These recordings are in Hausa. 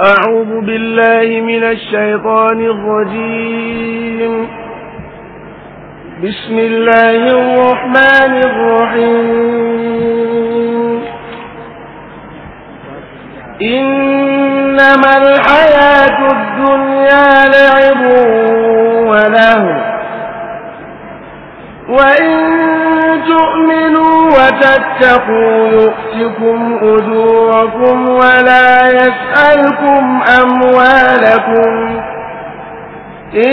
أعوذ بالله من الشيطان الرجيم بسم الله الرحمن الرحيم إنما الحياة الدنيا لعب وله وإن تؤمنوا وتتقوا يؤتكم أجوركم ولا يسألكم أموالكم إن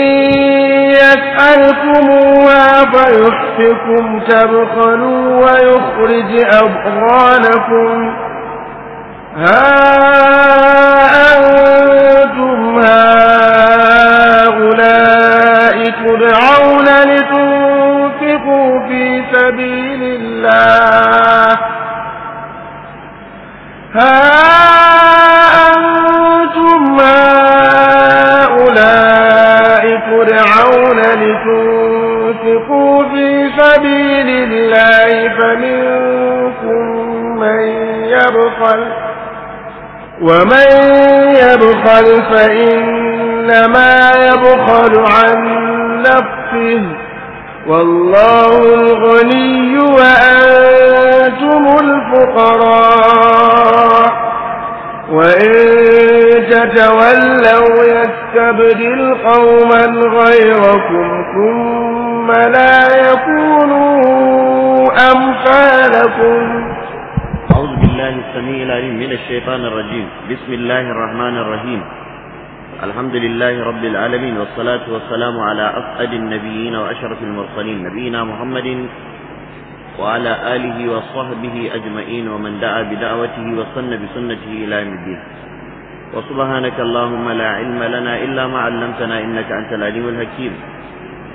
يسألكموها فيحفكم تبخلوا ويخرج أضغانكم ها أنتم هؤلاء تدعون لتدعون سبيل الله ها أنتم هؤلاء فرعون لتنفقوا في سبيل الله فمنكم من يبخل ومن يبخل فإنما يبخل عن نفسه والله الغني وأنتم الفقراء وإن تتولوا يستبدل قوما غيركم ثم لا يكونوا أمثالكم أعوذ بالله السميع العليم من الشيطان الرجيم بسم الله الرحمن الرحيم الحمد لله رب العالمين والصلاة والسلام على أسعد النبيين وأشرف المرسلين نبينا محمد وعلى آله وصحبه أجمعين ومن دعا بدعوته وصن بسنته إلى يوم الدين وسبحانك اللهم لا علم لنا إلا ما علمتنا إنك أنت العليم الحكيم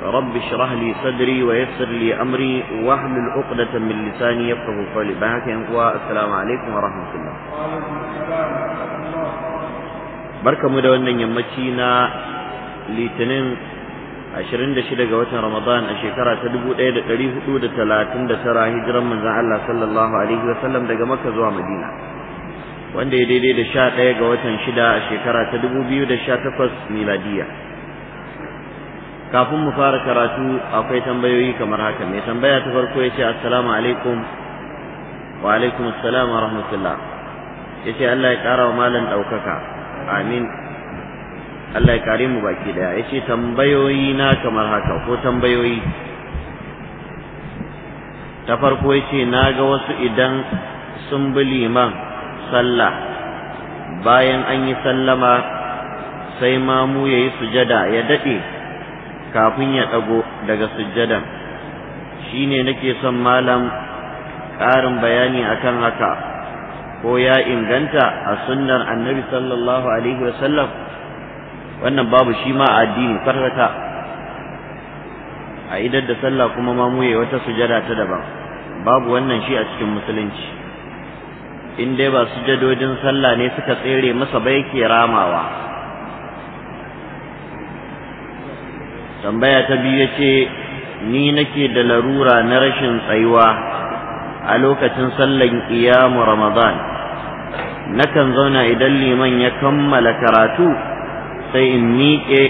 رب اشرح لي صدري ويسر لي أمري واحلل عقدة من لساني يفقه قولي بهاك السلام عليكم ورحمة الله وعليكم السلام barkamu da wannan yammaci na litinin 26 ga watan ramadan a shekara ta 1439 hijiran manzon Allah sallallahu alaihi wa sallam daga makka zuwa madina wanda ya daidai da 11 ga watan 6 a shekara ta 2018 miladiya kafin mu fara karatu akwai tambayoyi kamar haka mai tambaya ta farko ya ce assalamu alaikum wa alaikum assalam wa rahmatullah ya ce Allah ya kara wa malam ɗaukaka amin Allah ya kare mu baki daya yace tambayoyi na kamar haka ko tambayoyi ta farko yace na ga wasu idan sun bi liman sallah bayan an yi sallama sai mamu ya yi sujada ya daɗe kafin ya ɗago daga sujadan shine nake son malam ƙarin bayani akan haka ko ya inganta a sunnar annabi sallallahu alaihi wa sallam wannan babu shi ma a addini farkata a idar da sallah kuma ma muye wata sujada ta daban babu wannan shi a cikin musulunci in dai ba sujadojin sallah ne suka tsere masa bai ke ramawa tambaya ta biyu ya ce ni nake da larura na rashin tsayuwa a lokacin sallan iyamu ramadan nakan zauna idan liman ya kammala karatu sai in miƙe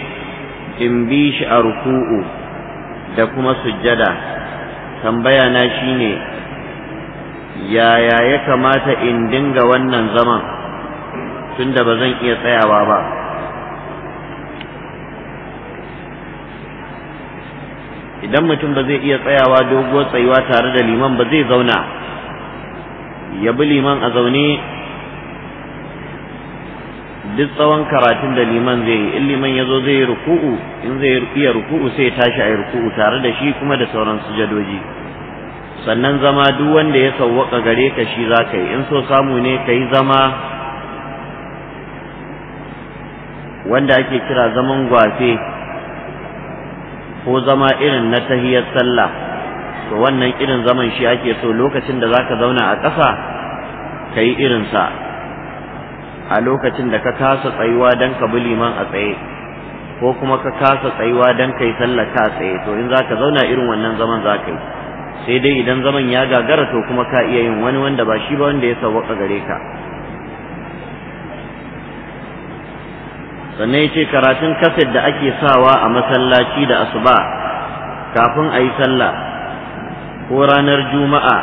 in bi shi a ruku'u da kuma sujjada tambaya na shine yaya ya kamata in dinga wannan zaman tunda ba zan iya tsayawa ba idan mutum ba zai iya tsayawa doguwar tsayuwa tare da liman ba zai zauna ya bi liman a zaune duk tsawon karatun da liman zai yi in liman ya zo zai yi ruku'u in zai iya ruku'u sai tashi a yi ruku'u tare da shi kuma da sauran sujadoji sannan zama duk wanda ya sauwaka gare ka shi za ka yi in so samu ne ka yi zama wanda ake kira zaman gwafe ko zama irin na tahiyar sallah to wannan irin zaman shi ake so lokacin da zaka zauna a ƙasa ka yi irinsa a lokacin da ka kasa tsayuwa don ka bi liman a tsaye ko kuma ka kasa tsayuwa don kayi sallah ka tsaye to in zaka zauna irin wannan zaman za yi sai dai idan zaman ya gagara to kuma ka iya yin wani wanda ba shi ba wanda ya sauwaka gare ka sannan ya ce karatun kaset da ake sawa a masallaci da asuba kafin a sallah ko ranar juma'a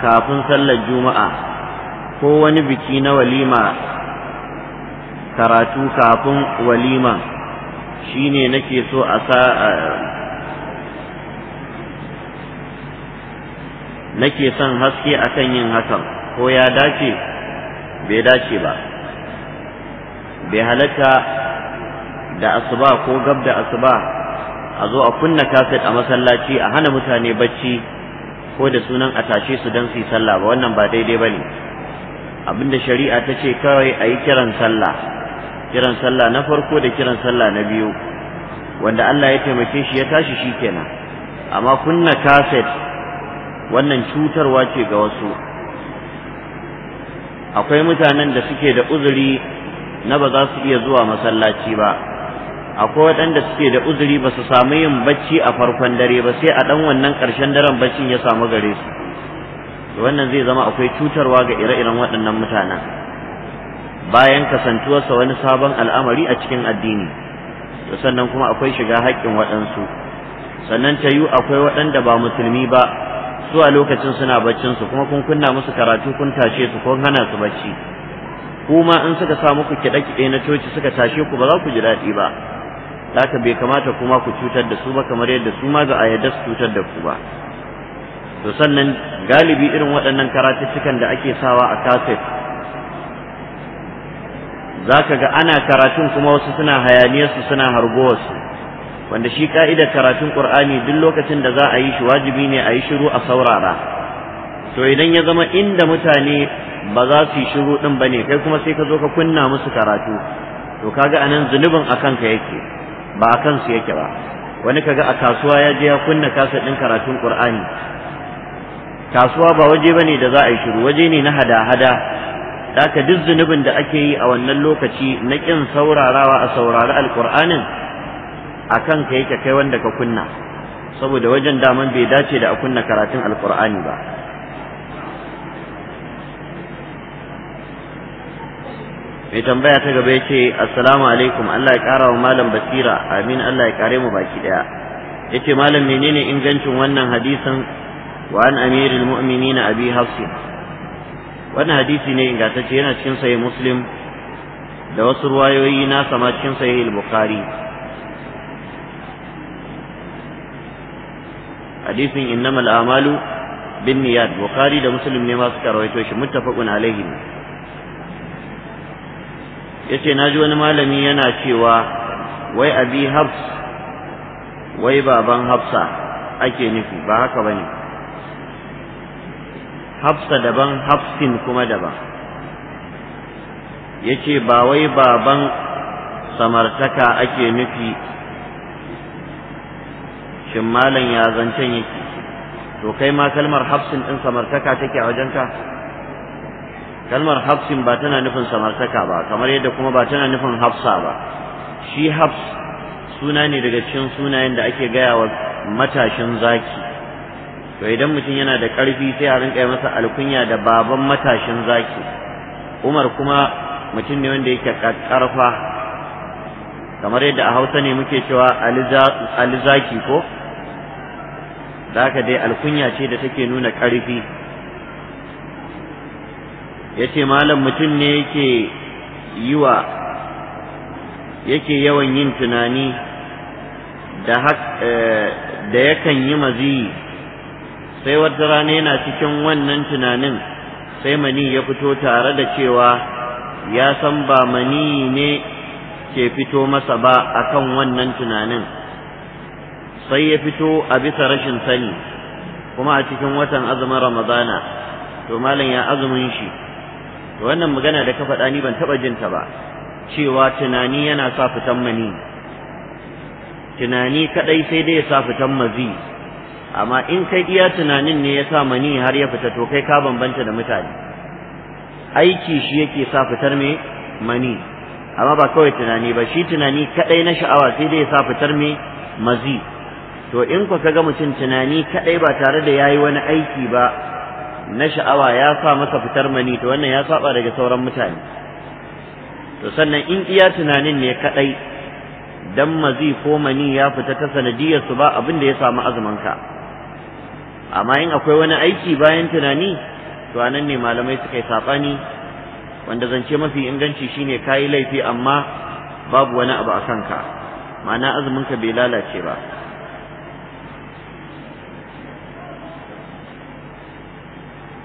kafin sallar juma'a ko wani biki na walima karatu kafin walima shine nake so a sa nake son haske akan yin hakan ko ya dace bai dace ba bai halatta da asuba ko gab da asuba a zo a kunna kafet a masallaci a hana mutane bacci ko da sunan a tashe su don su yi sallah ba wannan ba daidai ba ne abinda shari'a ta ce kawai a yi kiran sallah kiran sallah na farko da kiran sallah na biyu wanda Allah ya taimake shi ya tashi shi kenan amma kunna kafet wannan cutarwa ce ga wasu akwai mutanen da suke da uzuri na ba za su iya zuwa masallaci ba akwai waɗanda suke da uzuri ba su samu yin bacci a farkon dare ba sai a ɗan wannan ƙarshen daren baccin ya samu gare su wannan zai zama akwai cutarwa ga ire-iren waɗannan mutanen bayan kasantuwarsa wani sabon al'amari a cikin addini to sannan kuma akwai shiga haƙƙin waɗansu sannan ta yiwu akwai waɗanda ba musulmi ba su a lokacin suna baccin su kuma kun kunna musu karatu kun tashe su kun hana su bacci kuma in suka sa muku kiɗe-kiɗe na coci suka tashe ku ba za ku ji daɗi ba haka bai kamata kuma ku cutar da su ba kamar yadda su ma za a yarda su cutar da ku ba to sannan galibi irin waɗannan karatuttukan da ake sawa a kafet za ka ga ana karatun kuma wasu suna hayaniyarsu suna hargowarsu wanda shi ka'idar karatun ƙur'ani duk lokacin da za a yi shi wajibi ne a yi shiru a saurara to idan ya zama inda mutane ba za su yi shiru ɗin ba ne kai kuma sai ka zo ka kunna musu karatu to kaga anan zunubin a kanka yake ba a kansu yake ba wani kaga a kasuwa ya je ya kunna kasa ɗin karatun qur'ani kasuwa ba waje bane da za a yi shiru waje ne na hada-hada daka duk zunubin da ake yi a wannan lokaci na kin saurarawa a saurari alƙur'anin akan ka yake kai wanda ka kunna saboda wajen daman bai dace da a kunna karatun alqur'ani ba mai tambaya ta gaba ya ce assalamu alaikum Allah ya kara wa malam basira amin Allah ya kare mu baki daya ya ce malam menene ingancin wannan hadisin wa an amirul mu'minina abi hafsi wannan hadisi ne ingantacce yana cikin sahih muslim da wasu ruwayoyi na sama cikin sahih bukhari hadisin innamal a'malu bin niyyat bukhari da muslim ne masu suka rawaito shi muttafaqun alaihi yace ji wani malami yana cewa wai abi hafs wai baban hafsa ake nufi ba haka bane hafsa daban hafsin kuma daban yace ba wai baban samartaka ake nufi shin malam ya zancen yake to kai ma kalmar hafsin din samartaka take a wajenka kalmar hafsin ba tana nufin samartaka ba kamar yadda kuma ba tana nufin hafsa ba shi hafs suna ne daga cikin sunayen da ake gaya wa matashin zaki to idan mutum yana da ƙarfi sai a rinka masa alkunya da baban matashin zaki umar kuma mutum ne wanda yake ƙarfa kamar yadda a hausa ne muke cewa alizaki ko da haka dai alkunya ce da take nuna ƙarfi yace malam mutum ne yake yiwa yake yawan yin tunani da eh, da yakan yi maziyi sai wata rana yana cikin wannan tunanin sai mani ya fito tare da cewa ya san ba mani ne ke fito masa ba akan wannan tunanin sai ya fito a bisa rashin sani kuma a cikin watan azumin ramadana to malam ya azumin shi wannan magana da ka faɗa ni ban taɓa jin ta ba cewa tunani yana sa fitan mani tunani kadai sai dai ya sa fitan mazi amma in kai iya tunanin ne ya sa mani har ya fita to kai ka bambanta da mutane aiki shi yake sa fitar me mani amma ba kawai tunani ba shi tunani kadai na sha'awa sai dai ya sa fitar me mazi to in ka ga mutum tunani kadai ba tare da yayi wani aiki ba na sha'awa ya sa masa fitar mani to wannan ya saba daga sauran mutane to sannan in iya tunanin ne kadai dan mazi ko mani ya fita ta sanadiyar su ba abin da ya samu azumin ka amma in akwai wani aiki bayan tunani to anan ne malamai suka yi sabani wanda zance mafi inganci shine kayi laifi amma babu wani abu a kanka ma'ana azumin ka bai lalace ba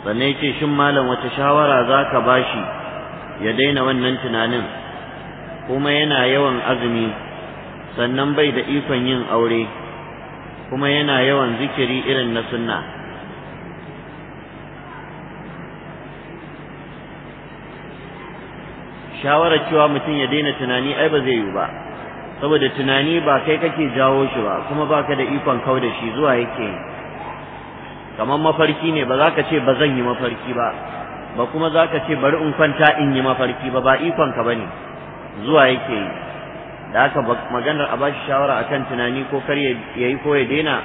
sannan ya ce shin malam wata shawara za ka ba shi ya daina wannan tunanin kuma yana yawan azumi sannan bai da ikon yin aure kuma yana yawan zikiri irin na sunna shawarar cewa mutum ya daina tunani ai ba zai yiwu ba saboda tunani ba kai kake jawo shi ba kuma baka da ikon kau da shi zuwa yake yi kamar mafarki ne ba za ka ce ba zan yi mafarki ba ba kuma za ka ce bari in kwanta in yi mafarki ba ba ikonka ba ne zuwa yake yi da haka maganar a bashi shawara akan tunani ko kar ya yi ko ya daina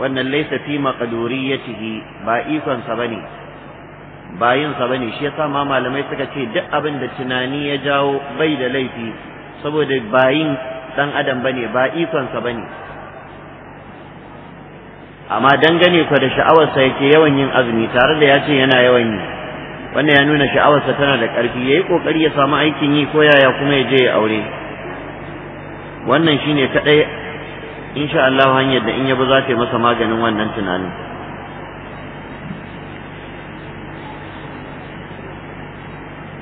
wannan laisa fi maqduriyatihi ba ikonsa ba ne ba yinsa ba bane shi yasa ma malamai suka ce duk abin da tunani ya jawo bai da laifi saboda bayin dan adam ba ne ba ikonsa ba ne amma dangane kwa da sha'awarsa yake yawan yin azumi tare da ya yana yawan yi wannan ya nuna sha'awarsa tana da ƙarfi yayi kokari ya samu aikin yi ko yaya kuma ya je ya aure wannan shine kaɗai insha Allah hanyar da in yabo za ta yi masa maganin wannan tunanin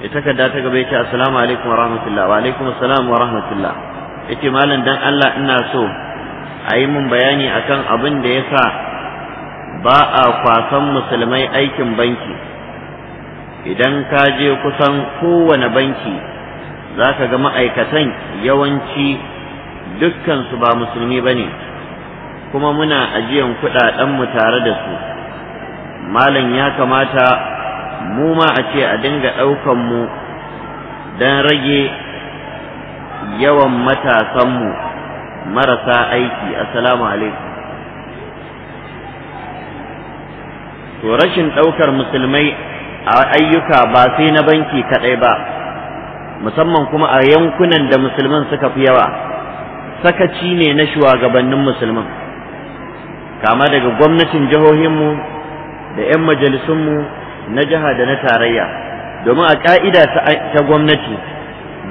ya takarda ta gaba ya ce assalamu alaikum wa rahmatullah wa alaikum assalam wa rahmatullah ya ce malam dan Allah ina so a yi mun bayani akan abin da ya sa ba a kwasan musulmai aikin banki idan ka je kusan kowane banki za ka ga ma'aikatan yawanci dukkansu ba musulmi ba ne kuma muna ajiyan mu tare da su malam ya kamata mu ma a ce a dinga ɗaukanmu don rage yawan matasanmu marasa aiki assalamu alaikum to rashin ɗaukar musulmai a ayyuka ba sai na banki kaɗai ba musamman kuma a yankunan da musulman suka fi yawa sakaci ne na shugabannin musulman kama daga gwamnatin jihohinmu da 'yan majalisunmu na jiha da na tarayya domin a ƙa'ida ta gwamnati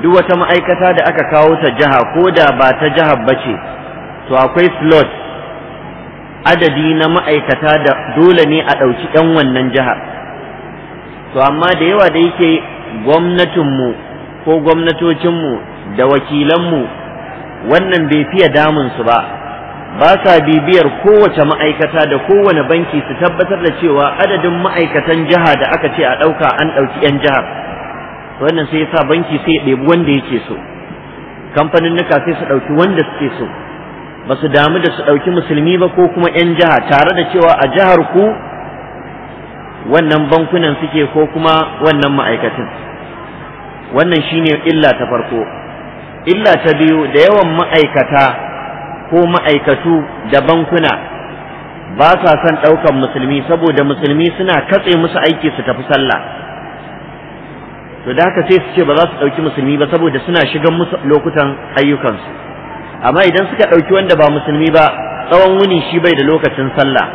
duk wata ma'aikata da aka kawo ta jiha ko da ba ta jiha ba ce to akwai slot adadi na ma'aikata da dole ne a ɗauki ɗan wannan jiha to amma da yawa da yake gwamnatinmu ko gwamnatocinmu da wakilanmu wannan bai fiye damunsu ba ba sa bibiyar kowace ma'aikata da kowane banki su tabbatar da cewa adadin ma'aikatan jiha da aka ce a ɗauka an ɗauki 'yan jihar wannan sai yasa banki sai ya ɗebi wanda yake so kamfanin nuka sai su ɗauki wanda suke so ba su damu da su ɗauki musulmi ba ko kuma 'yan jiha tare da cewa a jihar ku wannan bankunan suke ko kuma wannan ma'aikatan wannan shine illa ta farko illa ta biyu da yawan ma'aikata ko ma'aikatu da bankuna ba sa son ɗaukan musulmi saboda musulmi suna katse musu aiki su tafi sallah to da haka sai su ce ba za su ɗauki musulmi ba saboda suna shigan lokutan ayyukansu amma idan suka ɗauki wanda ba musulmi ba tsawon wuni shi bai da lokacin sallah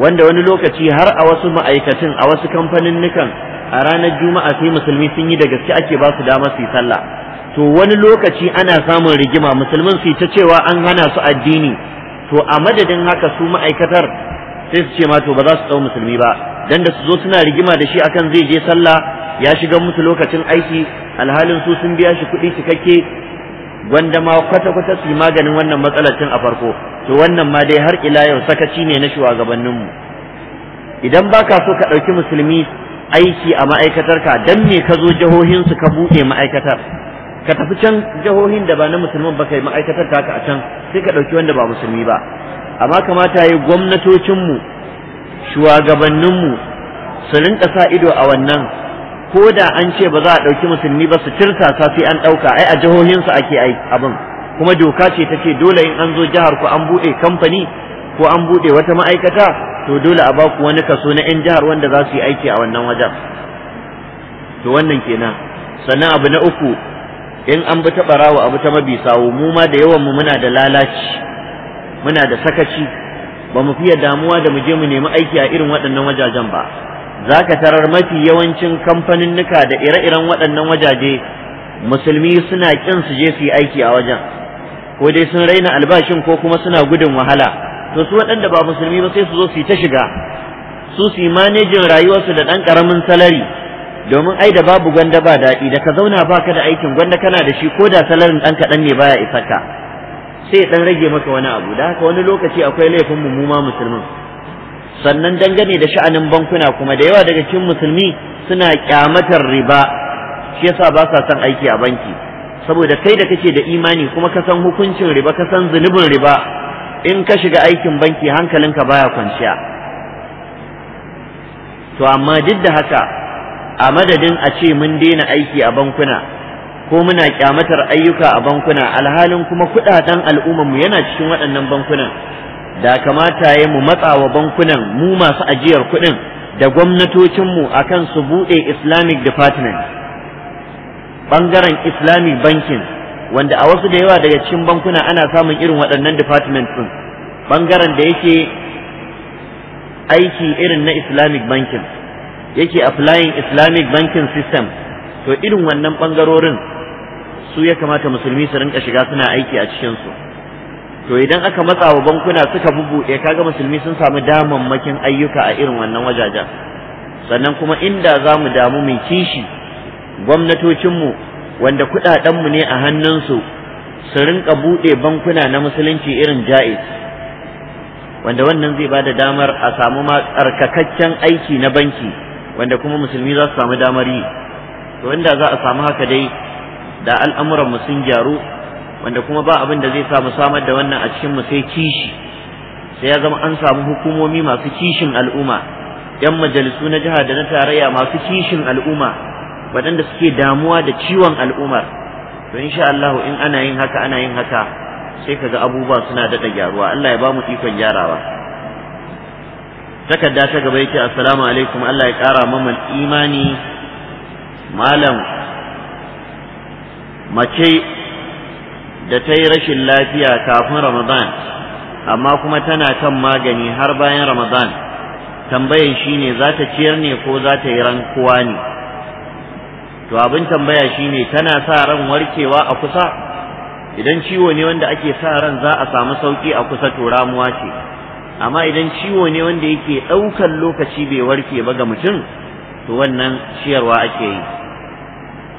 wanda wani lokaci har a wasu ma'aikatun a wasu kamfanin nukan a ranar juma'a sai musulmi sun yi da gaske ake ba su dama su yi sallah to wani lokaci ana samun rigima musulmin su ta cewa an hana su addini to a madadin haka su ma'aikatar sai su ce ma to ba za su tsau musulmi ba dan da su zo suna rigima da shi akan zai je sallah ya shiga musu lokacin aiki alhalin su sun biya shi kuɗi cikakke gwanda ma kwata-kwata su yi maganin wannan matsalar tun a farko to wannan ma dai har ila yau sakaci ne na mu idan baka so ka ɗauki musulmi aiki a ma'aikatarka dan me ka zo su ka buɗe ma'aikatar ka tafi can jihohin da ba na musulman ba kai ma'aikatar ka a can sai ka ɗauki wanda ba musulmi ba amma kamata ya gwamnatocinmu shugabanninmu su rinka sa ido a wannan ko da an ce ba za a ɗauki musulmi ba su sa sai an ɗauka ai a jihohinsu ake abin kuma doka ce ta ce dole in an zo jihar ku an buɗe kamfani ko an buɗe wata ma'aikata to dole a baku wani kaso na 'yan jihar wanda za su yi aiki a wannan wajen to wannan kenan sannan abu na uku in an bi ta ɓarawa abu ta mabi sawo mu ma da yawan mu muna da lalaci muna da sakaci ba mu fiye damuwa da mu je mu nemi aiki a irin waɗannan wajajen ba za ka tarar mafi yawancin kamfaninnika da ire-iren waɗannan wajaje musulmi suna ƙin su je su yi aiki a wajen ko dai sun raina albashin ko kuma suna gudun wahala to su waɗanda ba musulmi ba sai su zo su yi ta shiga su su yi manejin rayuwarsu da ɗan ƙaramin salari domin ai da babu gwanda ba daɗi da ka zauna baka da aikin gwanda kana da shi ko da salarin ɗan kaɗan ne baya ka. sai dan rage maka wani abu da haka wani lokaci akwai laifin mu ma musulmin sannan dangane da sha'anin bankuna kuma da yawa daga cikin musulmi suna kyamatar riba shi yasa ba sa son aiki a banki saboda kai da kake da imani kuma ka san hukuncin riba ka san zunubin riba in ka shiga aikin banki hankalinka baya kwanciya to amma duk da haka a madadin a ce mun daina aiki a bankuna ko muna kyamatar ayyuka a bankuna alhalin kuma kudaden al'ummar mu yana cikin waɗannan bankunan da kamata ya mu matsa wa bankunan mu masu ajiyar kuɗin da gwamnatocinmu mu akan su buɗe Islamic Department bangaren Islamic banking wanda a wasu da yawa daga cikin bankuna ana samun irin waɗannan department din bangaren da yake aiki irin na Islamic banking yake applying Islamic banking system to irin wannan bangarorin su ya kamata musulmi su rinka shiga suna aiki a cikin su to idan aka matsa wa bankuna suka buɗe, kaga musulmi sun samu damammakin ayyuka a irin wannan wajajen sannan kuma inda za mu damu mai kishi gwamnatocinmu wanda kuɗaɗenmu ne a hannunsu su rinka buɗe bankuna na musulunci irin ja'iz wanda wannan zai ba da damar a samu makarkakken aiki na banki wanda kuma musulmi za su samu damar yi to inda za a samu haka dai da al'amuran mu sun gyaru wanda kuma ba abin da zai samu samar da wannan a cikin mu sai kishi sai ya zama an samu hukumomi masu kishin al'umma yan majalisu na jihar da na tarayya masu kishin al'umma waɗanda suke damuwa da ciwon al'ummar to insha Allah in ana yin haka ana yin haka sai kaga abubuwa suna daɗa gyaruwa Allah ya ba mu ikon gyarawa takarda ta gaba yake assalamu alaikum Allah ya ƙara mana imani malam mace da ta yi rashin lafiya kafin ramadan amma kuma tana kan magani har bayan ramadan tambayan shine za ta ciyar ne ko za ta yi rankuwa ne to abin tambaya shine tana sa ran warkewa a kusa idan ciwo ne wanda ake sa ran za a samu sauki a kusa to ramuwa ce amma idan ciwo ne wanda yake ɗaukan lokaci bai warke ba ga mutum to wannan ciyarwa ake yi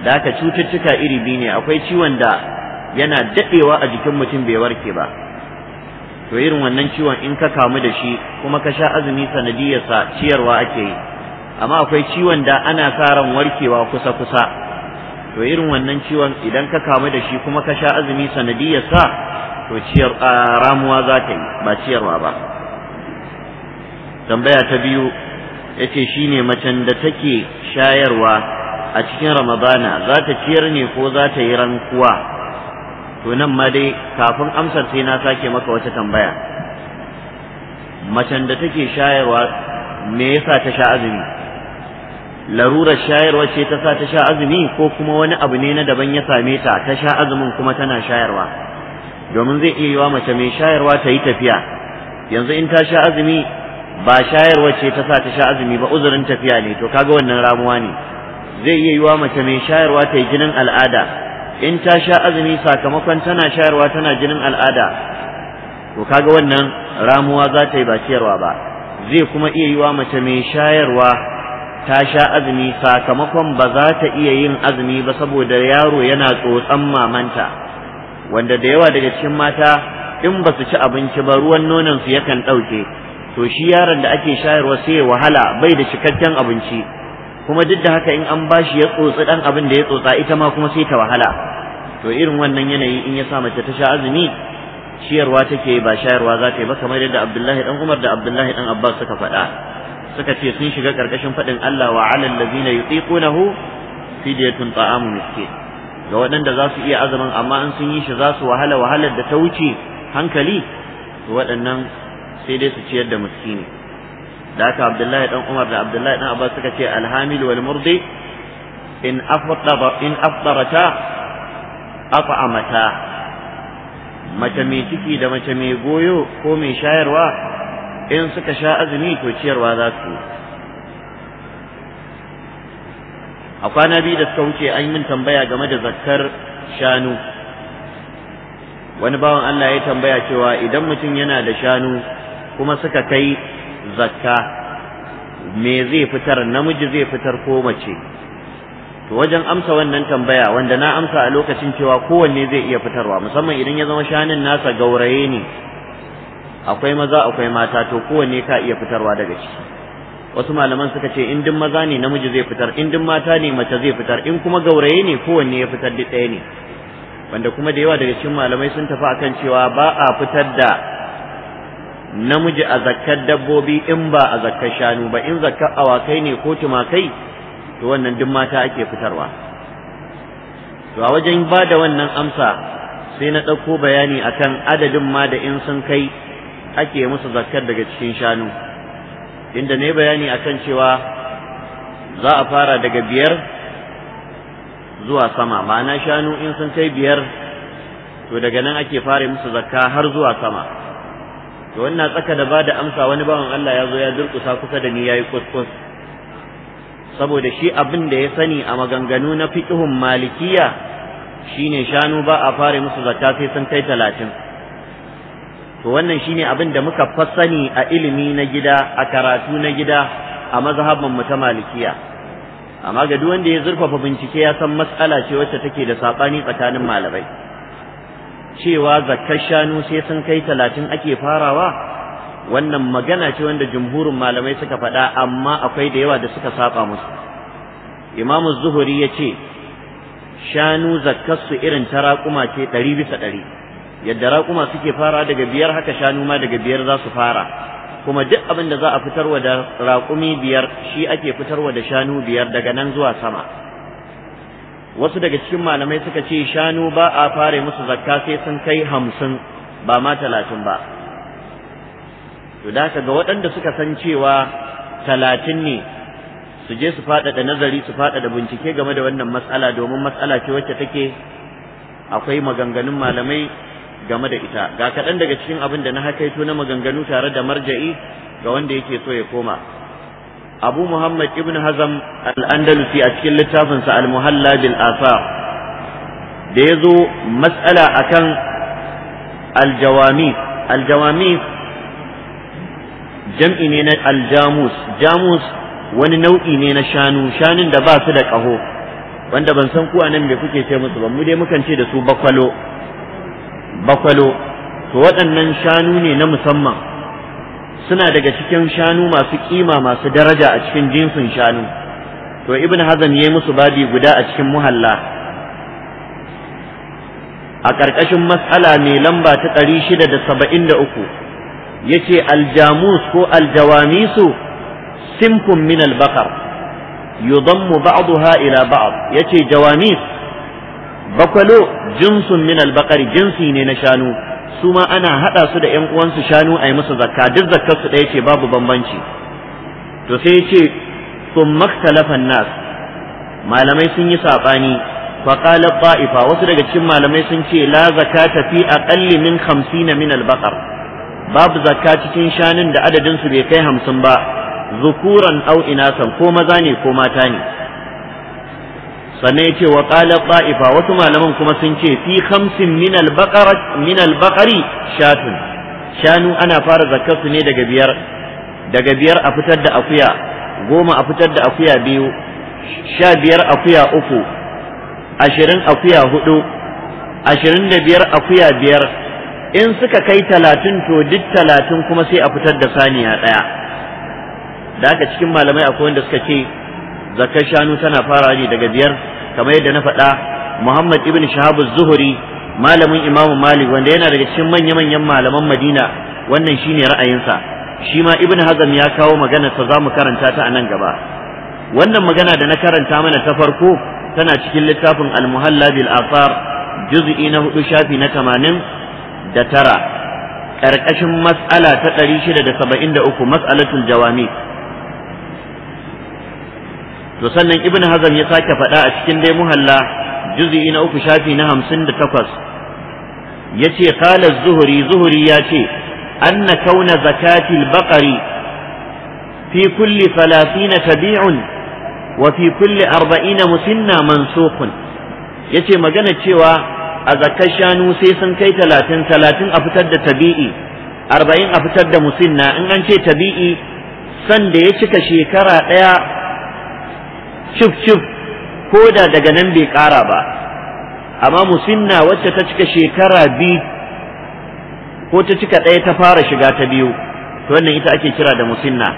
da aka cututtuka iri biyu ne akwai ciwon da yana daɗewa a jikin mutum bai warke ba to irin wannan ciwon in ka kamu da shi kuma ka sha azumi sanadiyarsa ciyarwa ake yi amma akwai ciwon da ana sa ran warkewa kusa kusa to irin wannan ciwon idan ka kamu da shi kuma ka sha azumi sanadiyarsa to ciyar ramuwa za ta yi ba ciyarwa ba tambaya ta biyu yace shine macen da take shayarwa a cikin ramadana za ta ciyar ne ko za ta yi rankuwa to nan ma dai kafin amsar sai na sake maka wata tambaya macen da take shayarwa me yasa ta sha azumi larurar shayarwa ce ta sa ta sha azumi ko kuma wani abu ne na daban ya same ta ta sha azumin kuma tana shayarwa domin zai iya yiwa mace mai shayarwa ta yi tafiya yanzu in ta sha azumi ba shayarwa ce ta sa ta sha azumi ba uzurin tafiya ne to kaga wannan ramuwa ne zai iya yi wa mace mai shayarwa ta yi jinin al'ada in ta sha azumi sakamakon tana shayarwa tana jinin al'ada to kaga wannan ramuwa za ta yi ba ciyarwa ba zai kuma iya yi wa mace mai shayarwa ta sha azumi sakamakon ba za ta iya yin azumi ba saboda yaro yana tsotsan mamanta wanda da yawa daga cikin mata in ba su ci abinci ba ruwan nonon su yakan ɗauke to shi yaron da ake shayarwa sai wahala bai da cikakken abinci kuma duk da haka in an bashi ya tsotsi dan abin da ya tsotsa ita ma kuma sai ta wahala to irin wannan yanayi in ya sa mace ta sha azumi ciyarwa take ba shayarwa za ta yi ba kamar yadda Abdullahi dan Umar da Abdullahi dan Abbas suka faɗa suka ce sun shiga karkashin faɗin Allah wa alal ladzina yutiqunahu fidyatun ta'amu miskin ga waɗanda za su iya azumin amma in sun yi shi za su wahala wahalar da ta wuce hankali waɗannan sai dai su ciyar da miskini da haka abdullahi dan umar da abdullahi dan abbas suka ce alhamil wal murdi in afdara in afdarata at'amata mace mai ciki da mace mai goyo ko mai shayarwa in suka sha azumi to ciyarwa za su a kwana biyu da suka wuce an yi min tambaya game da zakkar shanu wani bawan Allah ya tambaya cewa idan mutum yana da shanu kuma suka kai zakka me zai fitar namiji zai fitar ko mace to wajen amsa wannan tambaya wanda na amsa a lokacin cewa kowanne zai iya fitarwa musamman idan ya zama shanin nasa gauraye ne akwai maza akwai mata to kowanne ka iya fitarwa daga ciki wasu malaman suka ce in duk maza ne namiji zai fitar in duk mata ne mace zai fitar in kuma gauraye ne kowanne ya fitar duk ɗaya ne wanda kuma da yawa daga cikin malamai sun tafi akan cewa ba a fitar da namiji a zakkar dabbobi in ba a zakkar shanu ba in zakkar awakai ne ko tumakai to wannan duk mata ake fitarwa to a wajen ba da wannan amsa sai na ɗauko bayani akan adadin ma da in sun kai ake musu zakkar daga cikin shanu inda ne bayani akan cewa za a fara daga biyar zuwa sama ma'ana shanu in sun kai biyar to daga nan ake fara musu zakka har zuwa sama to wannan tsaka da bada amsa wani bawan Allah ya zo ya durkusa kusa da ni yayi kuskus saboda shi abin da ya sani a maganganu na fiqhun malikiya shine shanu ba a fara musu zakka sai sun kai talatin to wannan shine abin da muka fassani a ilimi na gida a karatu na gida a mazhabin mu ta malikiya amma ga duk wanda ya zurfafa bincike ya san mas'ala ce wacce take da sabani tsakanin malamai cewa zakkar shanu sai sun kai talatin ake farawa wannan magana ce wanda jumhurin malamai suka faɗa amma akwai da yawa da suka saba musu imamu zuhuri ya ce shanu zakkarsu irin ta raƙuma ce ɗari bisa ɗari yadda raƙuma suke fara daga biyar haka shanu ma daga biyar za su fara kuma duk abin da za a fitarwa da raƙumi biyar shi ake fitarwa da shanu biyar daga nan zuwa sama wasu daga cikin malamai suka ce shanu ba a fara musu zakka sai sun kai hamsin ba ma talatin ba to da ga waɗanda suka san cewa talatin ne su je su faɗaɗa nazari su faɗaɗa bincike game da wannan matsala domin matsala ce wacce take akwai maganganun malamai game da ita ga kaɗan daga cikin abin da na hakaito na maganganu tare da marja'i ga wanda yake so ya koma abu muhammad ibn hazam al-andalusi a cikin littafinsa al-muhalla bil asar da ya zo matsala a kan jawamis al jam'i ne na al-jamus wani nau'i ne na shanu shanun da ba su da ƙaho wanda ban san kuwa nan me kuke sai musu ba mu dai mukan ce da su bakwalo bakwalo to waɗannan shanu ne na musamman suna daga cikin shanu masu kima masu daraja a cikin jinsin shanu to ibn hazan yayi musu babi guda a cikin muhalla a ƙarƙashin mas'ala mai lamba ta ɗari shida da saba'in da uku ya ce aljamus ko aljawamisu simfun min albakar yudammu ba'duha ila ba'd ya ce jawamis bakwalo jinsun min albakar jinsi ne na shanu su ma ana haɗa su da ‘yan uwansu shanu a yi musu zakka duk zakkar su ɗaya ce babu bambanci to sai ya ce sun makhtalafan nas malamai sun yi saɓani faƙalar ba'ifa wasu daga cikin malamai sun ce la zakata fi aƙalli min hamsina min albaƙar babu zakka cikin shanun da adadinsu bai kai hamsin ba zukuran au inasan ko maza ne ko mata ne sannan yace wa qala qa'ifa wasu malaman kuma sun ce fi khamsin min al-baqara min al-baqari shatun shanu ana fara zakkar su ne daga biyar daga biyar a fitar da akuya goma a fitar da akuya biyu sha biyar akuya uku ashirin akuya hudu ashirin da biyar akuya biyar in suka kai talatin to duk talatin kuma sai a fitar da saniya ɗaya da haka cikin malamai akwai wanda suka ce zakar shanu tana fara ne daga biyar kamar yadda na faɗa Muhammad ibn Shahab Zuhuri, malamin Imam Malik wanda yana daga cikin manya-manyan malaman Madina wannan shine ra'ayinsa shi ma ibn Hazm ya kawo magana ta zamu karanta ta a nan gaba wannan magana da na karanta mana ta farko tana cikin littafin Al-Muhalla bil Athar juz'i na hudu shafi na 80 da tara ƙarƙashin mas'ala ta 673 mas'alatul jawami' to sannan ibn hazm ya sake faɗa a cikin dai muhalla juz'i na uku shafi na hamsin da takwas ya ce kala zuhuri zuhuri ya ce anna kauna zakatil baƙari fi kulli na tabi'un wa fi kulli arba'ina musinna mansukun ya ce magana cewa a zakar shanu sai sun kai talatin talatin a fitar da tabi'i arba'in a fitar da musinna in an ce tabi'i san da ya cika shekara ɗaya cif cif ko da daga nan bai ƙara ba amma musinna wacce ta cika shekara biyu ko ta cika ɗaya ta fara shiga ta biyu to wannan ita ake kira da musinna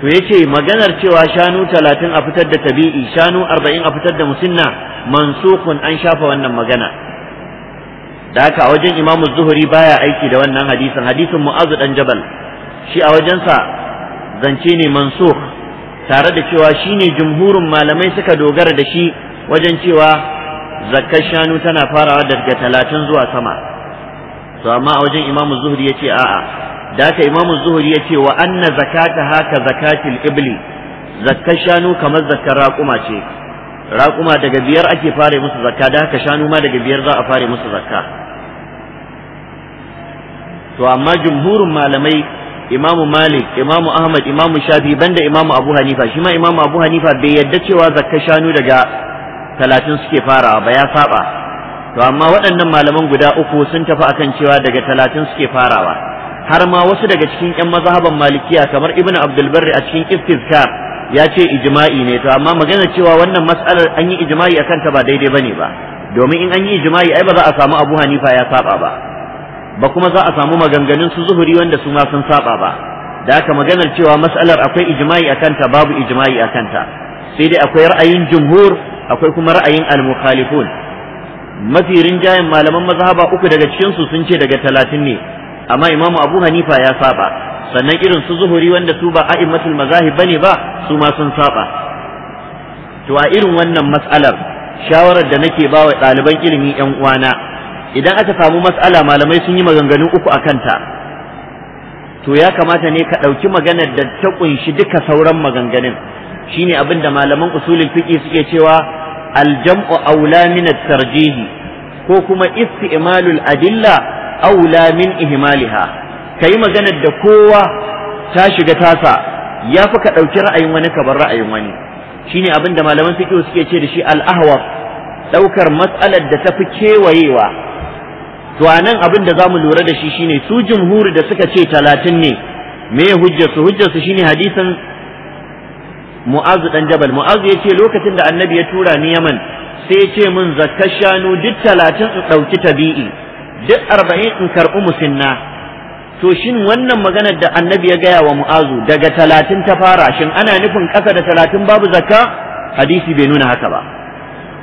to yace maganar cewa shanu talatin a fitar da tabi'i shanu arba'in a fitar da musinna mansukun an shafa wannan magana da haka a wajen imamu zuhuri baya aiki da wannan hadisin hadisin mu'azu dan jabal shi a wajensa zance ne mansukh tare da cewa shi ne jumhurin malamai suka dogara da shi wajen cewa zakar shanu tana farawa daga talatin zuwa sama to amma a wajen imamu zuhuri ya ce a'a da haka imamu zuhuri ya ce wa anna zakata haka zakatil ibli zakar shanu kamar zakar raƙuma ce raƙuma daga biyar ake fara musu zakka da haka shanu ma daga biyar za a fara musu zakka to amma jumhurin malamai imamu malik imamu ahmad imamu shafi banda imamu abu hanifa shi ma imamu abu hanifa bai yadda cewa zakka shanu daga talatin suke farawa ba ya saba to amma waɗannan malaman guda uku sun tafi akan cewa daga talatin suke farawa har ma wasu daga cikin yan mazhaban malikiya kamar ibnu abdul barri a cikin istizkar ya ce ijma'i ne to amma magana cewa wannan mas'alar an yi ijma'i akan ta ba daidai bane ba domin in an yi ijma'i ai ba za a samu abu hanifa ya saba ba ba kuma za a samu maganganun su zuhuri wanda su ma sun saba ba da haka maganar cewa mas'alar akwai ijma'i a kanta babu ijma'i a kanta sai dai akwai ra'ayin jumhur akwai kuma ra'ayin al-mukhalifun mafi rinjayen malaman mazhaba uku daga cikin su sun ce daga talatin ne amma imamu abu hanifa ya saba sannan irin su zuhuri wanda su ba a'immatul mazahib bane ba su ma sun saba to a irin wannan mas'alar shawarar da nake ba wa ɗaliban ilimi yan uwana idan aka samu matsala, malamai sun yi maganganu uku a kanta to ya kamata ne ka ɗauki maganar da ta ƙunshi duka sauran maganganun shine abin da malaman usulin fiƙi suke cewa aljam'u aula min tarjihi ko kuma isti'malul adilla aula min ihmaliha kai maganar da kowa ta shiga tasa ya fi ka ɗauki ra'ayin wani ka bar ra'ayin wani shine abin da malaman fiƙi suke ce da shi al ɗaukar matsalar da ta fi kewayewa to anan abin da zamu lura da shi shine su jumhuri da suka ce talatin ne me hujjarsu hujjarsu shine hadisin Mu'azu dan Jabal Mu'azu ya ce lokacin da Annabi ya tura ni Yaman sai ya ce min zakka shanu duk talatin in ɗauki tabi'i duk arba'in in karɓi musinna to shin wannan maganar da Annabi ya gaya wa Mu'azu daga talatin ta fara shin ana nufin ƙasa da talatin babu zakka hadisi bai nuna haka ba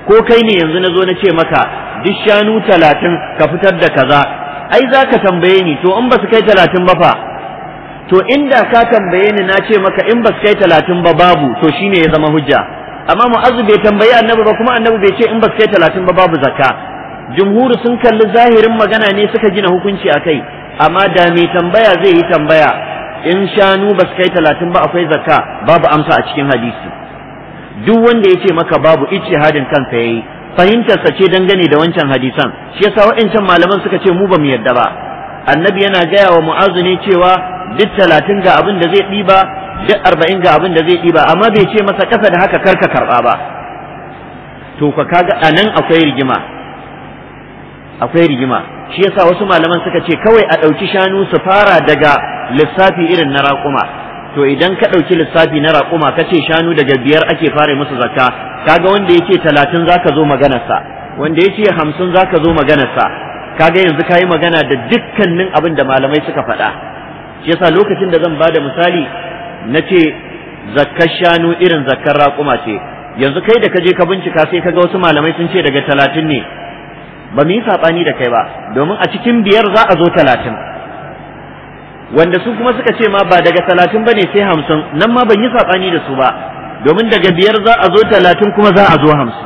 ko kai ne yanzu na zo na ce maka duk shanu talatin ka fitar da kaza ai za ka tambaye ni to in ba su kai talatin ba fa to inda ka tambaye ni na ce maka in ba su kai talatin ba babu to shine ya zama hujja amma mu'azzu bai tambayi annabi ba kuma annabi bai ce in ba su kai talatin ba babu zakka jumhuru sun kalli zahirin magana ne suka gina hukunci a kai amma da mai tambaya zai yi tambaya in shanu ba su kai talatin ba akwai zakka babu amsa a cikin hadisi duk wanda ya ce maka babu ijtihadin kansa yayi fahimtarsa ce dangane da wancan hadisan shi yasa wa'ancan malaman suka ce mu ba mu yadda ba annabi yana gaya wa mu'azu ne cewa duk talatin ga abin da zai ɗiba duk arba'in ga abin da zai ɗiba amma bai ce masa ƙasa da haka karka karɓa ba to ka kaga a nan akwai rigima akwai rigima shi yasa wasu malaman suka ce kawai a ɗauki shanu su fara daga lissafi irin na raƙuma to idan ka ɗauki lissafi na raƙuma ka ce shanu daga biyar ake fara musu zakka kaga wanda ya ce talatin za ka zo maganarsa wanda ya ce hamsin za ka zo maganarsa kaga yanzu ka yi magana da dukkanin abin da malamai suka faɗa shi yasa lokacin da zan ba da misali na ce zakkar shanu irin zakkar raƙuma ce yanzu kai da ka je ka bincika sai kaga wasu malamai sun ce daga talatin ne ba mu yi saɓani da kai ba domin a cikin biyar za a zo talatin wanda su kuma suka ce ma ba daga talatin ba ne sai hamsin nan ma ban yi saɓani da su ba domin daga biyar za a zo talatin kuma za a zo hamsin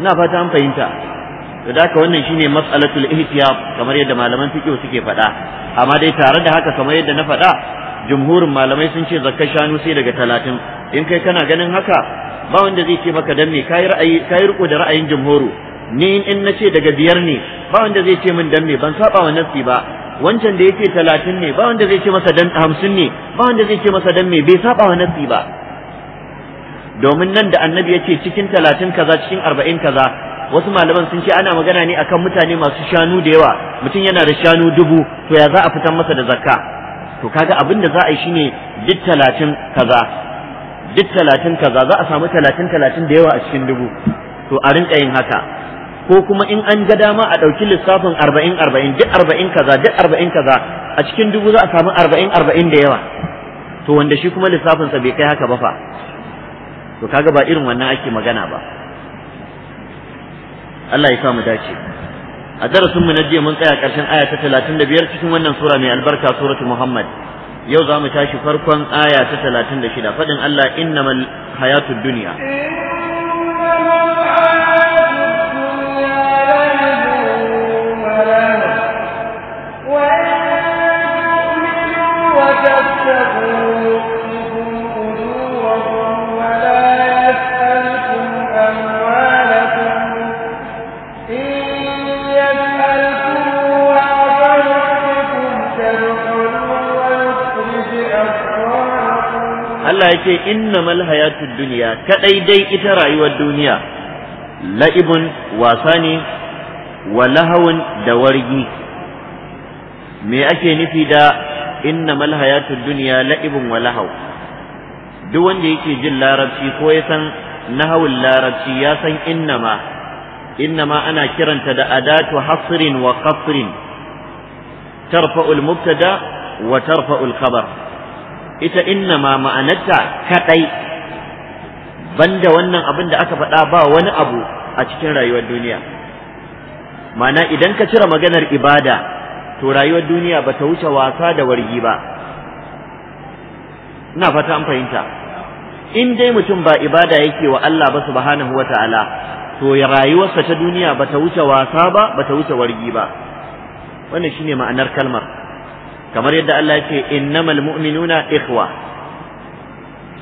ina fata an fahimta to da wannan shine mas'alatul ihtiyab kamar yadda malaman fiqh suke faɗa amma dai tare da haka kamar yadda na faɗa jumhurin malamai sun ce zakka shanu sai daga talatin in kai kana ganin haka ba wanda zai ce maka dan me kai ra'ayi kai riko da ra'ayin jumhuru ni in na ce daga biyar ne ba wanda zai ce min dan me ban saba wa nafsi ba wancan da yake talatin ne ba wanda zai ce masa dan hamsin ne ba wanda zai ce masa dan me bai saba wa nasi ba domin nan da annabi ya ce cikin talatin kaza cikin arba'in kaza wasu malaman sun ce ana magana ne akan mutane masu shanu da yawa mutum yana da shanu dubu to ya za a fitar masa da zakka to kaga abin da za a yi shine duk talatin kaza duk talatin kaza za a samu talatin talatin da yawa a cikin dubu to a rinka yin haka ko kuma in an ga dama a ɗauki lissafin arba'in arba'in duk arba'in kaza duk arba'in kaza a cikin dubu za a samu arba'in arba'in da yawa to wanda shi kuma lissafinsa bai kai haka ba fa to kaga ba irin wannan ake magana ba Allah ya sa mu dace a darasin mu na jiya mun tsaya ƙarshen aya ta 35 cikin wannan sura mai albarka suratu Muhammad yau za mu tashi farkon aya ta 36 faɗin Allah innamal hayatud dunya Allah ya ce innamal hayatud dunya kadai dai ita rayuwar duniya la'ibun wasa ne wa lahawun da wargi me ake nufi da innamal hayatud dunya la'ibun wa lahaw duk wanda yake jin larabci ko ya san nahawul larabci ya san innama ma ana kiranta da adatu hasrin wa qasrin tarfa'ul mubtada wa tarfa'ul khabar ita inna ma ma'anarta kadai banda wannan abin da aka faɗa ba wani abu a cikin rayuwar duniya ma'ana idan ka cire maganar ibada to rayuwar duniya ba ta wuce wasa da wargi ba ina fata an fahimta in dai mutum ba ibada yake wa Allah ba subhanahu wata'ala to ya rayuwarsa ta duniya ba ta wuce wasa ba ba ta wuce wargi ba wannan shine ma'anar kalmar kamar yadda Allah ya ce innamal mu'minuna ikhwa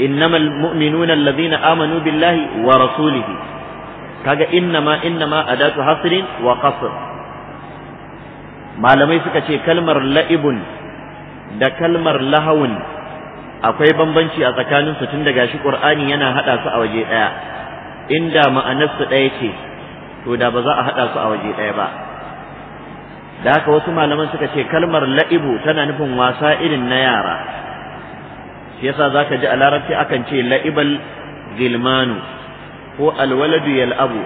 innamal mu'minuna alladhina amanu billahi wa rasulihi kaga innama innama adatu hasrin wa qasr malamai suka ce kalmar la'ibun da kalmar lahawun akwai bambanci a tsakaninsu tun daga shi ƙur'ani yana haɗa su a waje ɗaya inda ma'anarsu ɗaya ce to da ba za a haɗa su a waje ɗaya ba da haka wasu malaman suka ce kalmar la'ibu tana nufin wasa irin na yara shi yasa zaka ji a larabci akan ce la'ibal gilmanu ko alwaladu yal'abu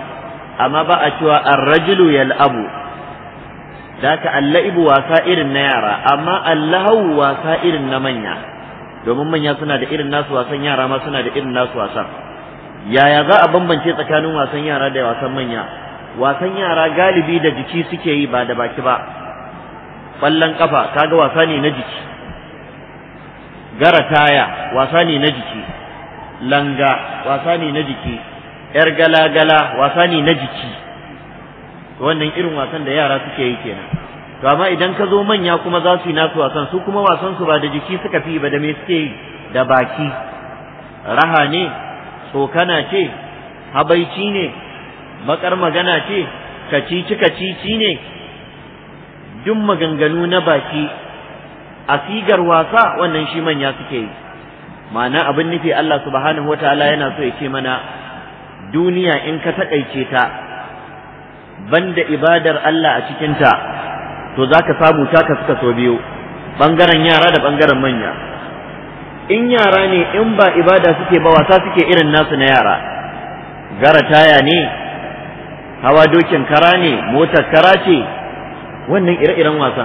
amma ba a cewa arrajulu yal'abu da haka alla'ibu wasa irin na yara amma allahu wasa irin na manya domin manya suna da irin nasu wasan yara ma suna da irin nasu wasan yaya za a bambance tsakanin wasan yara da wasan manya wasan yara galibi da jiki suke yi ba da baki ba ƙwallon ƙafa kaga wasa ne na jiki gara taya wasa ne na jiki langa wasa ne na jiki yar gala-gala wasa ne na jiki wannan irin wasan da yara suke yi kenan to amma idan ka zo manya kuma za su yi nasu wasan su kuma wasan su ba da jiki suka fi ba da me suke yi da baki raha ne tsokana ce habaici ne Baƙar magana ce kacici kacici ne duk maganganu na baki a sigar wasa wannan shi manya suke yi ma'ana abin nufi Allah subhanahu wa ta'ala yana so ya ce mana duniya in ka taƙaice ta banda ibadar Allah a cikinta to za ka samu taka suka so biyu Bangaren yara da bangaren manya in yara ne in ba ibada suke ba wasa suke irin nasu na yara gara taya ne hawa dokin kara ne motar kara ce wannan ire-iren wasan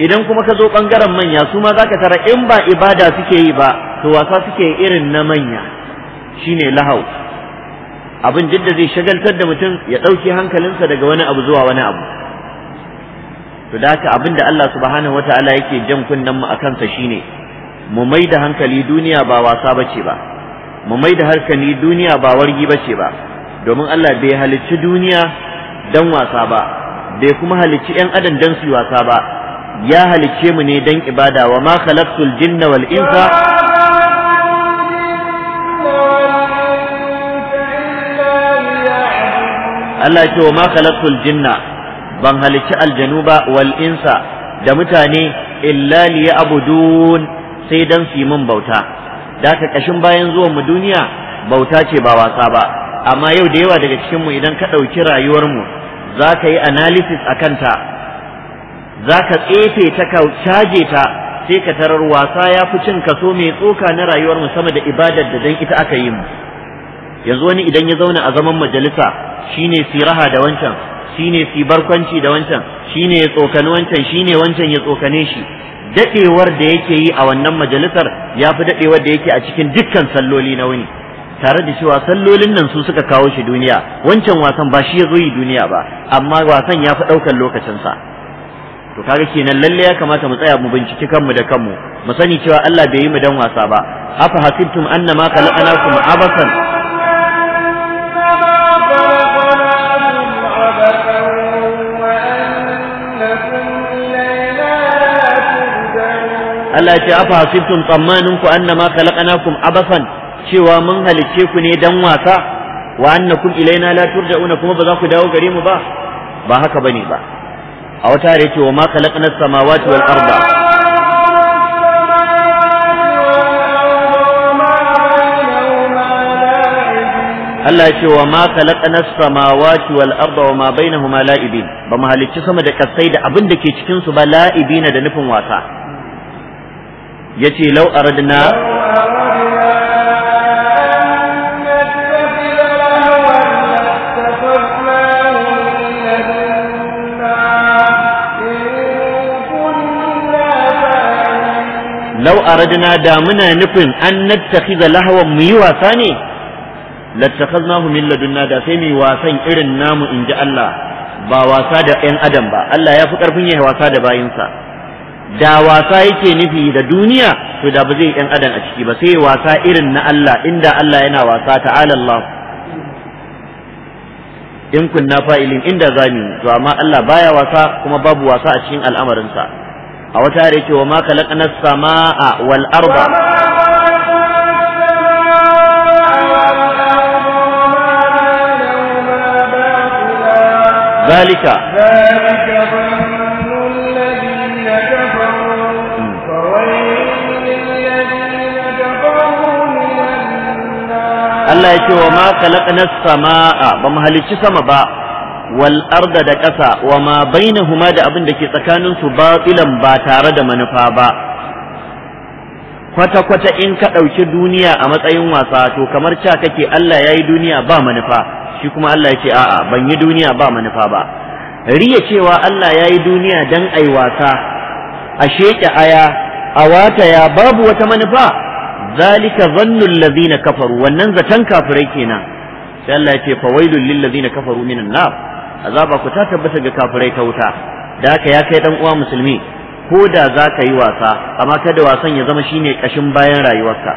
idan kuma ka zo ɓangaren manya su ma zaka ka tara in ba ibada suke yi ba to wasa suke irin na manya shine lahau abin duk zai shagaltar da mutum ya ɗauke hankalinsa daga wani abu zuwa wani abu to da haka abin da Allah subhanahu wataala yake jan kunnen mu akan sa shine mu mai da hankali duniya ba wasa bace ba mu mai da hankali duniya ba wargi bace ba domin Allah bai halicci duniya dan wasa ba bai kuma halicci ‘yan adam dan su wasa ba ya halicce mu ne dan ibada wa ma khalaqtul jinna wal insa Allah ce wa ma khalaqtul jinna ban halicci aljanu ba wal insa da mutane illa liya'budun sai dan su min bauta da ka kashin bayan zuwan mu duniya bauta ce ba wasa ba amma yau da yawa daga cikinmu idan ka ɗauki rayuwarmu za ka yi analysis a kanta za ka tsefe ta ka caje ta sai ka tarar wasa ya fi cin kaso mai tsoka na rayuwarmu sama da ibadar da dan ita aka yi mu yanzu wani idan ya zauna a zaman majalisa shine siraha da wancan shine si barkwanci da wancan shine ya tsokani wancan shine wancan ya tsokane shi dadewar da yake yi a wannan majalisar ya fi dadewar da yake a cikin dukkan salloli na wani tare da cewa sallolin nan su suka kawo shi duniya wancan wasan ba shi ya zo yi duniya ba amma wasan ya fi ɗaukar lokacinsa to kaga kenan lalle ya kamata mu tsaya mu binciki kanmu da kanmu mu sani cewa Allah bai yi mu dan wasa ba afa hasibtum annama khalaqnakum abasan Allah ya ce afa hasibtum tsammanin ku annama khalaqnakum abasan cewa mun halicce ku ne dan wasa wa annakum ilaina la turja'una kuma ba za ku dawo gare mu ba ba haka bane ba a wata yare ce wa ma khalaqna samawati wal arda Allah ce wa ma khalaqna samawati wal arda wa ma bainahuma la'ibin ba mu halicci sama da kasai da abin da ke cikin su ba la'ibina da nufin wasa yace lau aradna lau aradna da muna nufin an nattakhiza lahawan mu yi wasa ne lattakhaznahu min ladunna da sai mu wasan irin namu in ji Allah ba wasa da ƴan adam ba Allah ya fi karfin yayi wasa da bayinsa da wasa yake nufi da duniya to da ba zai ƴan adam a ciki ba sai wasa irin na Allah inda Allah yana wasa ta'ala Allah in kunna fa'ilin inda zamu to amma Allah baya wasa kuma babu wasa a cikin al'amarinsa a wata yare ce wa ma khalaqna samaa wal arda ذلك ذلك ظن الذين كفروا فويل للذين كفروا من النار الله يقول وما خلقنا السماء بمهلك سما با wal arda da ƙasa wa ma bainahuma da abin da ke tsakanin su ba tare da manufa ba kwata kwata in ka ɗauki duniya a matsayin wasa to kamar ca kake Allah ya yi duniya ba manufa shi kuma Allah ya ce a'a ban yi duniya ba manufa ba riya cewa Allah ya yi duniya dan ai wasa a sheƙe aya a wataya babu wata manufa zalika zannul ladina kafaru wannan zaton kafirai kenan sai Allah ya ce fawailul lil ladina kafaru minan nar azaba ku ta tabbata ga kafirai ta wuta da haka ya kai dan uwa musulmi ko da za ka yi wasa amma kada wasan ya zama shine kashin bayan rayuwarka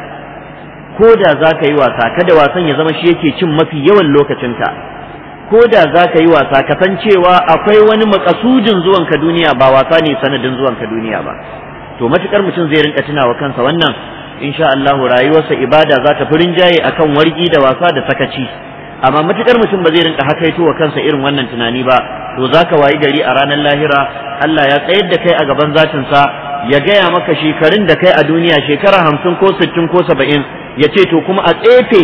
ko da za ka yi wasa kada wasan ya zama shi yake cin mafi yawan lokacinka ko da za ka yi wasa ka san cewa akwai wani makasudin zuwanka duniya ba wasa ne sanadin zuwanka duniya ba to matukar mutum zai rinka wa kansa wannan insha Allah rayuwarsa ibada za ta fi rinjaye akan wargi da wasa da sakaci amma matukar mutum ba zai rinka hakaito wa kansa irin wannan tunani ba to zaka wayi gari a ranar lahira Allah ya tsayar da kai a gaban zatin sa ya gaya maka shekarun da kai a duniya shekara hamsin ko sittin ko saba'in ya ce to kuma a tsefe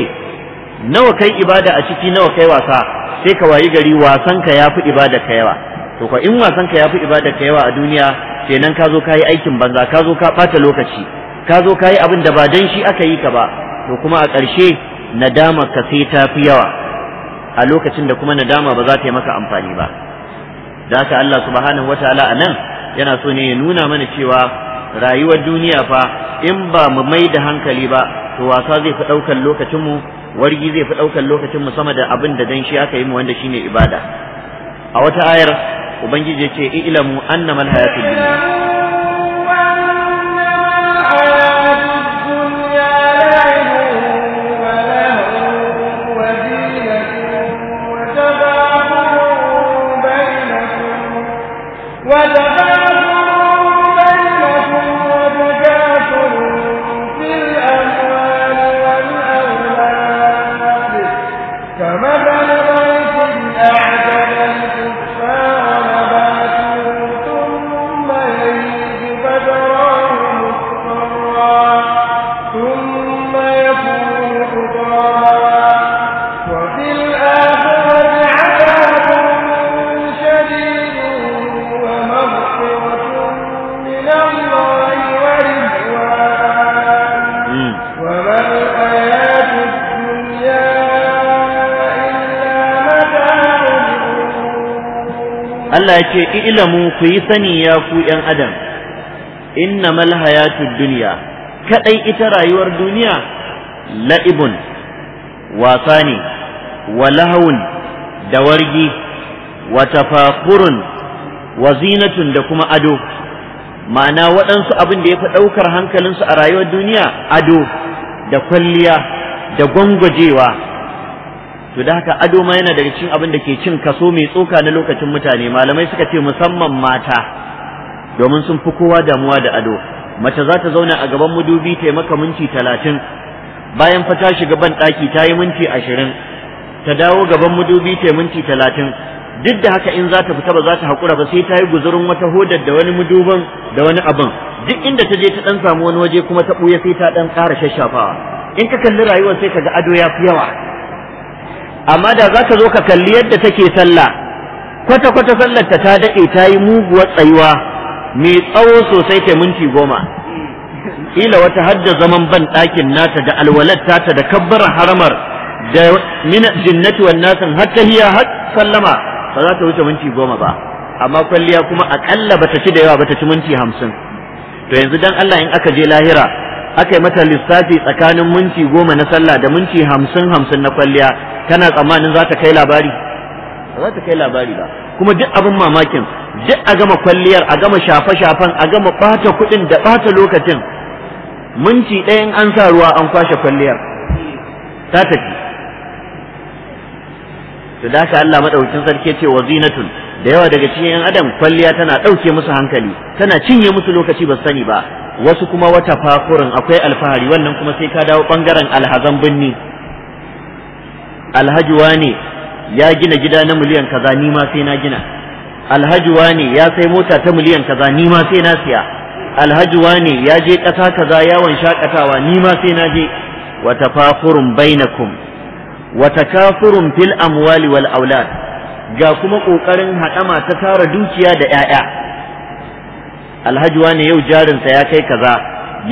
nawa kai ibada a ciki nawa kai wasa sai ka wayi gari wasan ka ya ibada ka yawa to ko in wasan ka ya ibada ka yawa a duniya kenan ka zo ka aikin banza ka zo ka ɓata lokaci ka zo ka abin da ba dan shi aka yi ka ba to kuma a ƙarshe nadama ka sai ta fi yawa a lokacin da kuma nadama ba za ta yi maka amfani ba da haka Allah subhanahu wataala a nan yana so ne ya nuna mana cewa rayuwar duniya fa in ba mu mai da hankali ba to wasa zai fi ɗaukar lokacinmu wargi zai fi ɗaukar lokacinmu sama da abin da dan shi aka yi mu wanda shine ibada a wata ayar ubangiji ya ce ilamu annamal hayatud dunya Allah ya ce ilamu ku yi sani ya ku ‘yan adam innamal hayatud duniya kaɗai ita rayuwar duniya la'ibun wasa ne wa lahawun da wargi wa tafakurun wa zinatun da kuma ado ma'ana waɗansu abin da ya fi ɗaukar hankalinsu a rayuwar duniya ado da kwalliya da gwangwajewa to da haka ado ma yana daga cikin abin da ke cin kaso mai tsoka na lokacin mutane malamai suka ce musamman mata domin sun fi kowa damuwa da ado mace za ta zauna a gaban madubi ta maka minti talatin bayan fa ta shiga ban ɗaki ta yi minti ashirin ta dawo gaban madubi ta minti talatin duk da haka in za ta fita ba za ta haƙura ba sai ta yi guzurin wata hodar da wani maduban da wani abin duk inda ta je ta ɗan samu wani waje kuma ta ɓuya sai ta ɗan ƙara shashafawa in ka kalli rayuwar sai ka ga ado ya fi yawa amma da za ka zo ka kalli yadda take sallah kwata kwata sallar ta ta daɗe ta yi muguwar tsayuwa mai tsawo sosai ta minti goma ila wata hadda zaman ban ɗakin nata da alwalar tata da kabbar haramar da mina jinnati wan nasin har tahiya har sallama ba za ta wuce minti goma ba amma kwalliya kuma akalla bata ci da yawa bata ci minti hamsin to yanzu dan Allah in aka je lahira aka yi mata lissafi tsakanin minti goma na sallah da minti hamsin hamsin na kwalliya kana tsammanin za ta kai labari za ta kai labari ba kuma duk abin mamakin duk a gama kwalliyar a gama shafe-shafen a gama ɓata kuɗin da ɓata lokacin minti ɗayan an sa ruwa an kwashe kwalliyar ta tafi to da haka Allah madaukakin sarki ce wa zinatun da yawa daga cikin yan adam kwalliya tana ɗauke musu hankali tana cinye musu lokaci ba sani ba wasu kuma wata fakurin akwai alfahari wannan kuma sai ka dawo bangaren alhazan binni alhajuwa ne ya gina gida na miliyan kaza ni ma sai na gina alhajuwa ne ya sai mota ta miliyan kaza ni ma sai na siya alhajuwa ne ya je ƙasa kaza yawon shakatawa ni ma sai na je wata fakurun bainakum wata kafurun fil amwali wal aulad ga kuma ƙoƙarin haɗama ta tara dukiya da 'ya'ya alhaji wane yau jarinsa ya kai kaza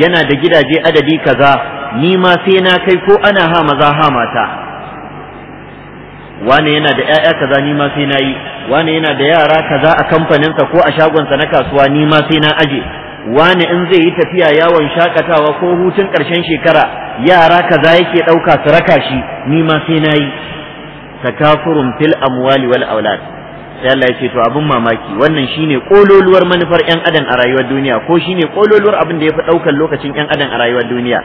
yana da gidaje adadi kaza ni ma sai na kai ko ana ha maza ha mata wane yana da ƴaƴa kaza ni ma sai na yi wane yana da yara kaza a kamfaninsa ko a shagonsa na kasuwa ni ma sai na aje wane in zai yi tafiya yawon shakatawa ko hutun ƙarshen shekara yara kaza yake ɗauka su raka shi ni ma sai na yi takafurun fil amwali wal aulad sai Allah ya ce to abin mamaki wannan shine kololuwar manufar yan adam a rayuwar duniya ko shine kololuwar abin da ya fi ɗaukar lokacin yan adam a rayuwar duniya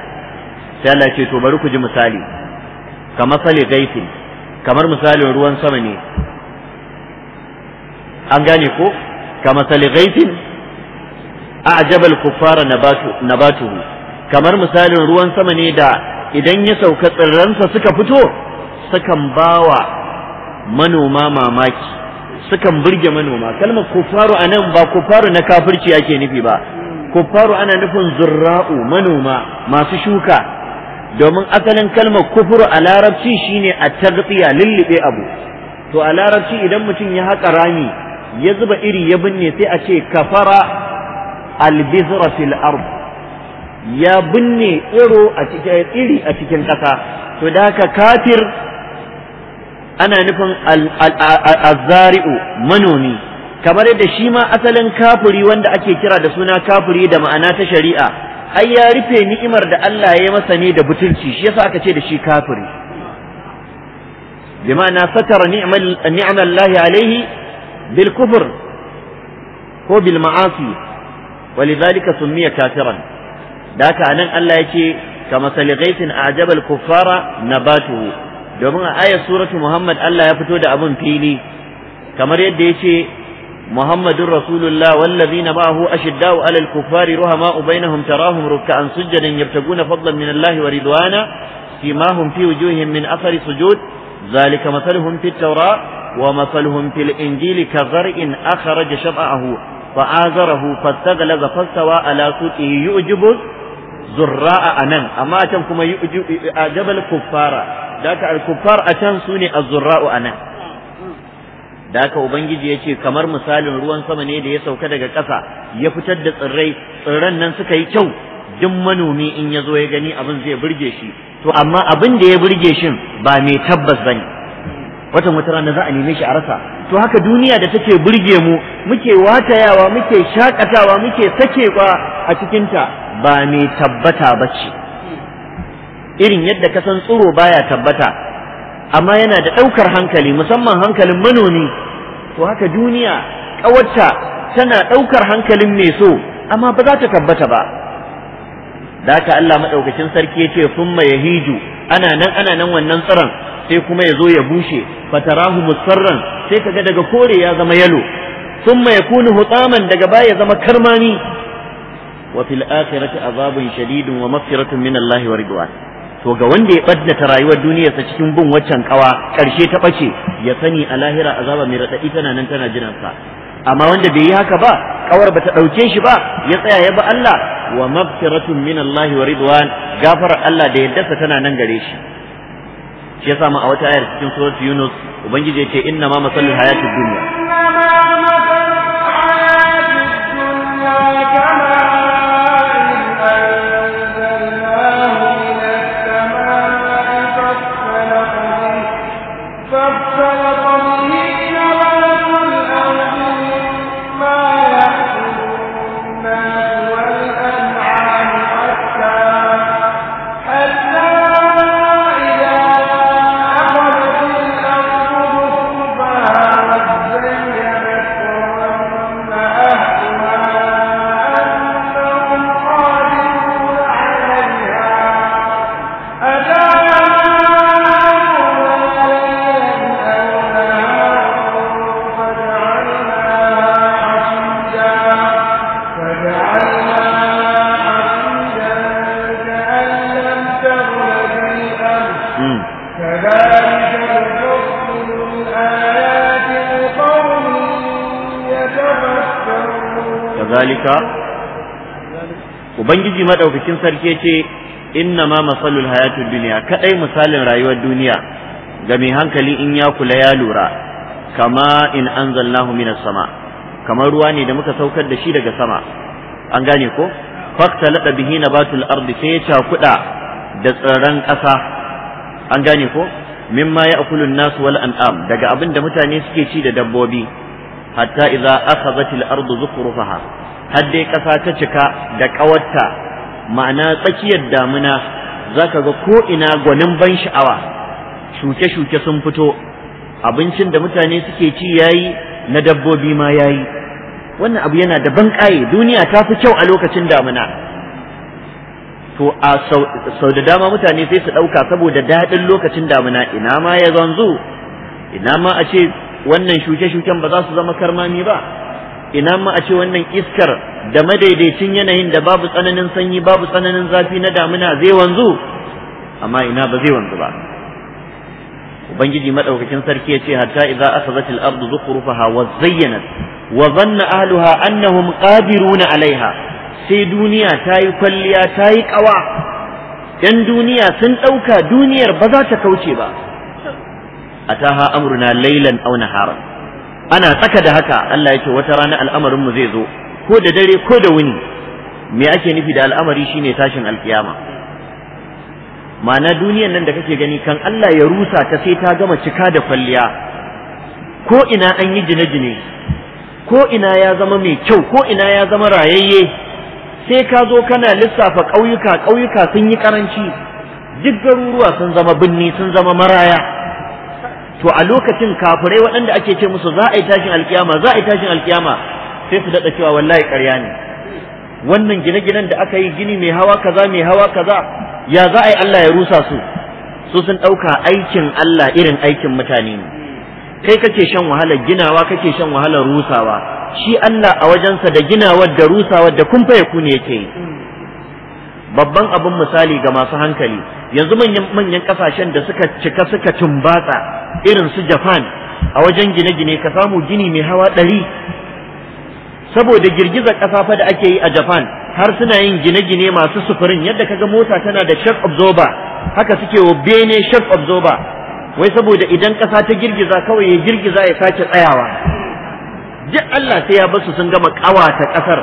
sai Allah ya ce to bari ku ji misali kamar sale gaisin kamar misalin ruwan sama ne an gane ko kamar sale gaisin a ajabal kuffara nabatuhu kamar misalin ruwan sama ne da idan ya sauka tsirransa suka fito sukan bawa manoma mamaki sukan burge manoma kalmar kufaru a nan ba kufaru na kafirci ake nufi ba kufaru ana nufin zurra'u manoma masu shuka domin asalin kalmar kufuru a larabci shine a tarbiya lullube abu to a larabci idan mutum ya haƙa rami ya zuba iri ya binne sai a ce kafara albizra fil ard ya binne iri a cikin ƙasa to da haka kafir ana nufin azari'u manomi kamar yadda shi ma asalin kafuri wanda ake kira da suna kafuri da ma'ana ta shari'a ai ya rufe ni'imar da Allah ya yi masa ne da butunci shi yasa aka ce da shi kafuri. bi ma'ana satara ni'mal lahi alaihi bil kufr ko bil ma'asi sun miya kafiran da haka anan Allah ya ce kama saligaitin a'jaba al kuffara nabatuhu domin a ayat suratu Muhammad Allah ya fito da abun fili kamar yadda ya ce Muhammadun Rasulullah wallazina ma'ahu ashiddau al kuffari ruhama'u bainahum tarahum ruk'an sujadan yabtaguna fadlan min Allah wa ridwana simahum fi wujuhihim min athari sujud zalika mathaluhum fit tawra wa mathaluhum fil injili ka zar'in akhraja shab'ahu fa'azarahu fastaghlaza fastawa ala suqihi yu'jibu zurra'a anan amma kan kuma yu'jibu ajabal kuffara da al-kuffar a can su ne az-zurra'u anan da haka ubangiji yace kamar misalin ruwan sama ne da ya sauka daga ƙasa ya fitar da tsirrai tsirran nan suka yi kyau duk manomi in yazo ya gani abin zai burge shi to amma abin da ya burge shin ba mai tabbas bane watan wata rana za a neme shi a rasa to haka duniya da take burge mu muke watayawa muke shakatawa muke sakewa a cikinta ba mai tabbata bace irin yadda ka san tsiro baya tabbata amma yana da ɗaukar hankali musamman hankalin manomi to haka duniya ƙawarta tana ɗaukar hankalin mai so amma ba za ta tabbata ba da haka Allah maɗaukacin sarki ya ce summa hiju? ana nan ana nan wannan tsiron sai kuma ya zo ya bushe fatarahu musarran sai kaga daga kore ya zama yalo summa kunu hutaman daga baya ya zama karmani wa fil akhirati azabun shadidun wa maghfiratun min Allah wa ridwan to ga wanda ya ɓadda rayuwar duniyarsa cikin bin waccan kawa ƙarshe ta ɓace ya sani a lahira azaba mai raɗaɗi tana nan tana sa amma wanda bai yi haka ba kawar ta ɗauke shi ba ya tsaya ya ba Allah wa maghfiratun min Allah wa ridwan gafarar Allah da yaddarsa tana nan gare shi shi ya samu a wata ayar cikin suratul Yunus ubangiji ya ce inna ma masallu hayatid dunya ubangiji maɗaukakin sarki ce inna ma masalul hayatud duniya, kaɗai, misalin rayuwar duniya ga mai hankali in ya kula ya lura kama in anzalnahu minas sama kamar ruwa ne da muka saukar da shi daga sama an gane ko faktalata bihi nabatul ardi sai ya cakuda da tsirran ƙasa an gane ko mimma ya'kulun nasu wal an'am daga abin da mutane suke ci da dabbobi hatta idza akhadhat al ardu zukhrufaha har dai ƙasa ta cika da ƙawarta ma'ana tsakiyar damina za ka ga ko'ina gwanin ban sha'awa shuke-shuke sun fito abincin da mutane suke ci yayi na dabbobi ma yayi wannan abu yana da ban ƙaye duniya ta fi kyau a lokacin damuna to a sau da dama mutane sai su ɗauka saboda daɗin lokacin damuna ina ma ya zanzu ina ma a ce wannan shuke-shuken ba za su zama karmami ba ina ma a ce wannan iskar da madaidaicin yanayin da babu tsananin sanyi babu tsananin zafi na damina zai wanzu amma ina ba zai wanzu ba ubangiji madaukakin sarki ya ce hatta idza akhadhat al-ardu zukhrufaha wa zayyanat wa dhanna ahliha annahum qadiruna alaiha sai duniya ta yi kwalliya ta yi kawa yan duniya sun ɗauka duniyar ba za ta kauce ba ataha amruna laylan aw naharan ana tsaka da haka Allah ya ce wata rana al'amarin mu zai zo ko da dare ko da wuni me ake nufi da al'amari shine tashin alkiyama ma'ana duniyan nan da kake gani kan Allah ya rusa ta sai ta gama cika da kwalliya ko ina an yi jine-jine ko ina ya zama mai kyau ko ina ya zama rayayye sai ka zo kana lissafa ƙauyuka ƙauyuka sun yi ƙaranci duk garuruwa sun zama binni sun zama maraya to a lokacin kafirai waɗanda ake ce musu za a yi tashin alkiyama za a yi tashin alkiyama sai su daɗa cewa wallahi ƙarya ne wannan gine-ginen da aka yi gini mai hawa kaza mai hawa kaza ya za a yi Allah ya rusa su su sun ɗauka aikin Allah irin aikin mutane ne kai kake shan wahalar ginawa kake shan wahalar rusawa shi Allah a wajensa da ginawar da rusawar da kumfa ya kune yake yi babban abin misali ga masu hankali yanzu manyan manyan kasashen da suka cika suka tumbatsa irin su Japan a wajen gine-gine ka samu gini mai hawa ɗari saboda girgizar ƙasa fa da ake yi a Japan har suna yin gine-gine masu sufurin yadda ka ga mota tana da shock absorber haka suke wa bene shock absorber wai saboda idan ƙasa ta girgiza kawai ya girgiza ya sake tsayawa duk Allah sai ya basu sun gama ƙawata ƙasar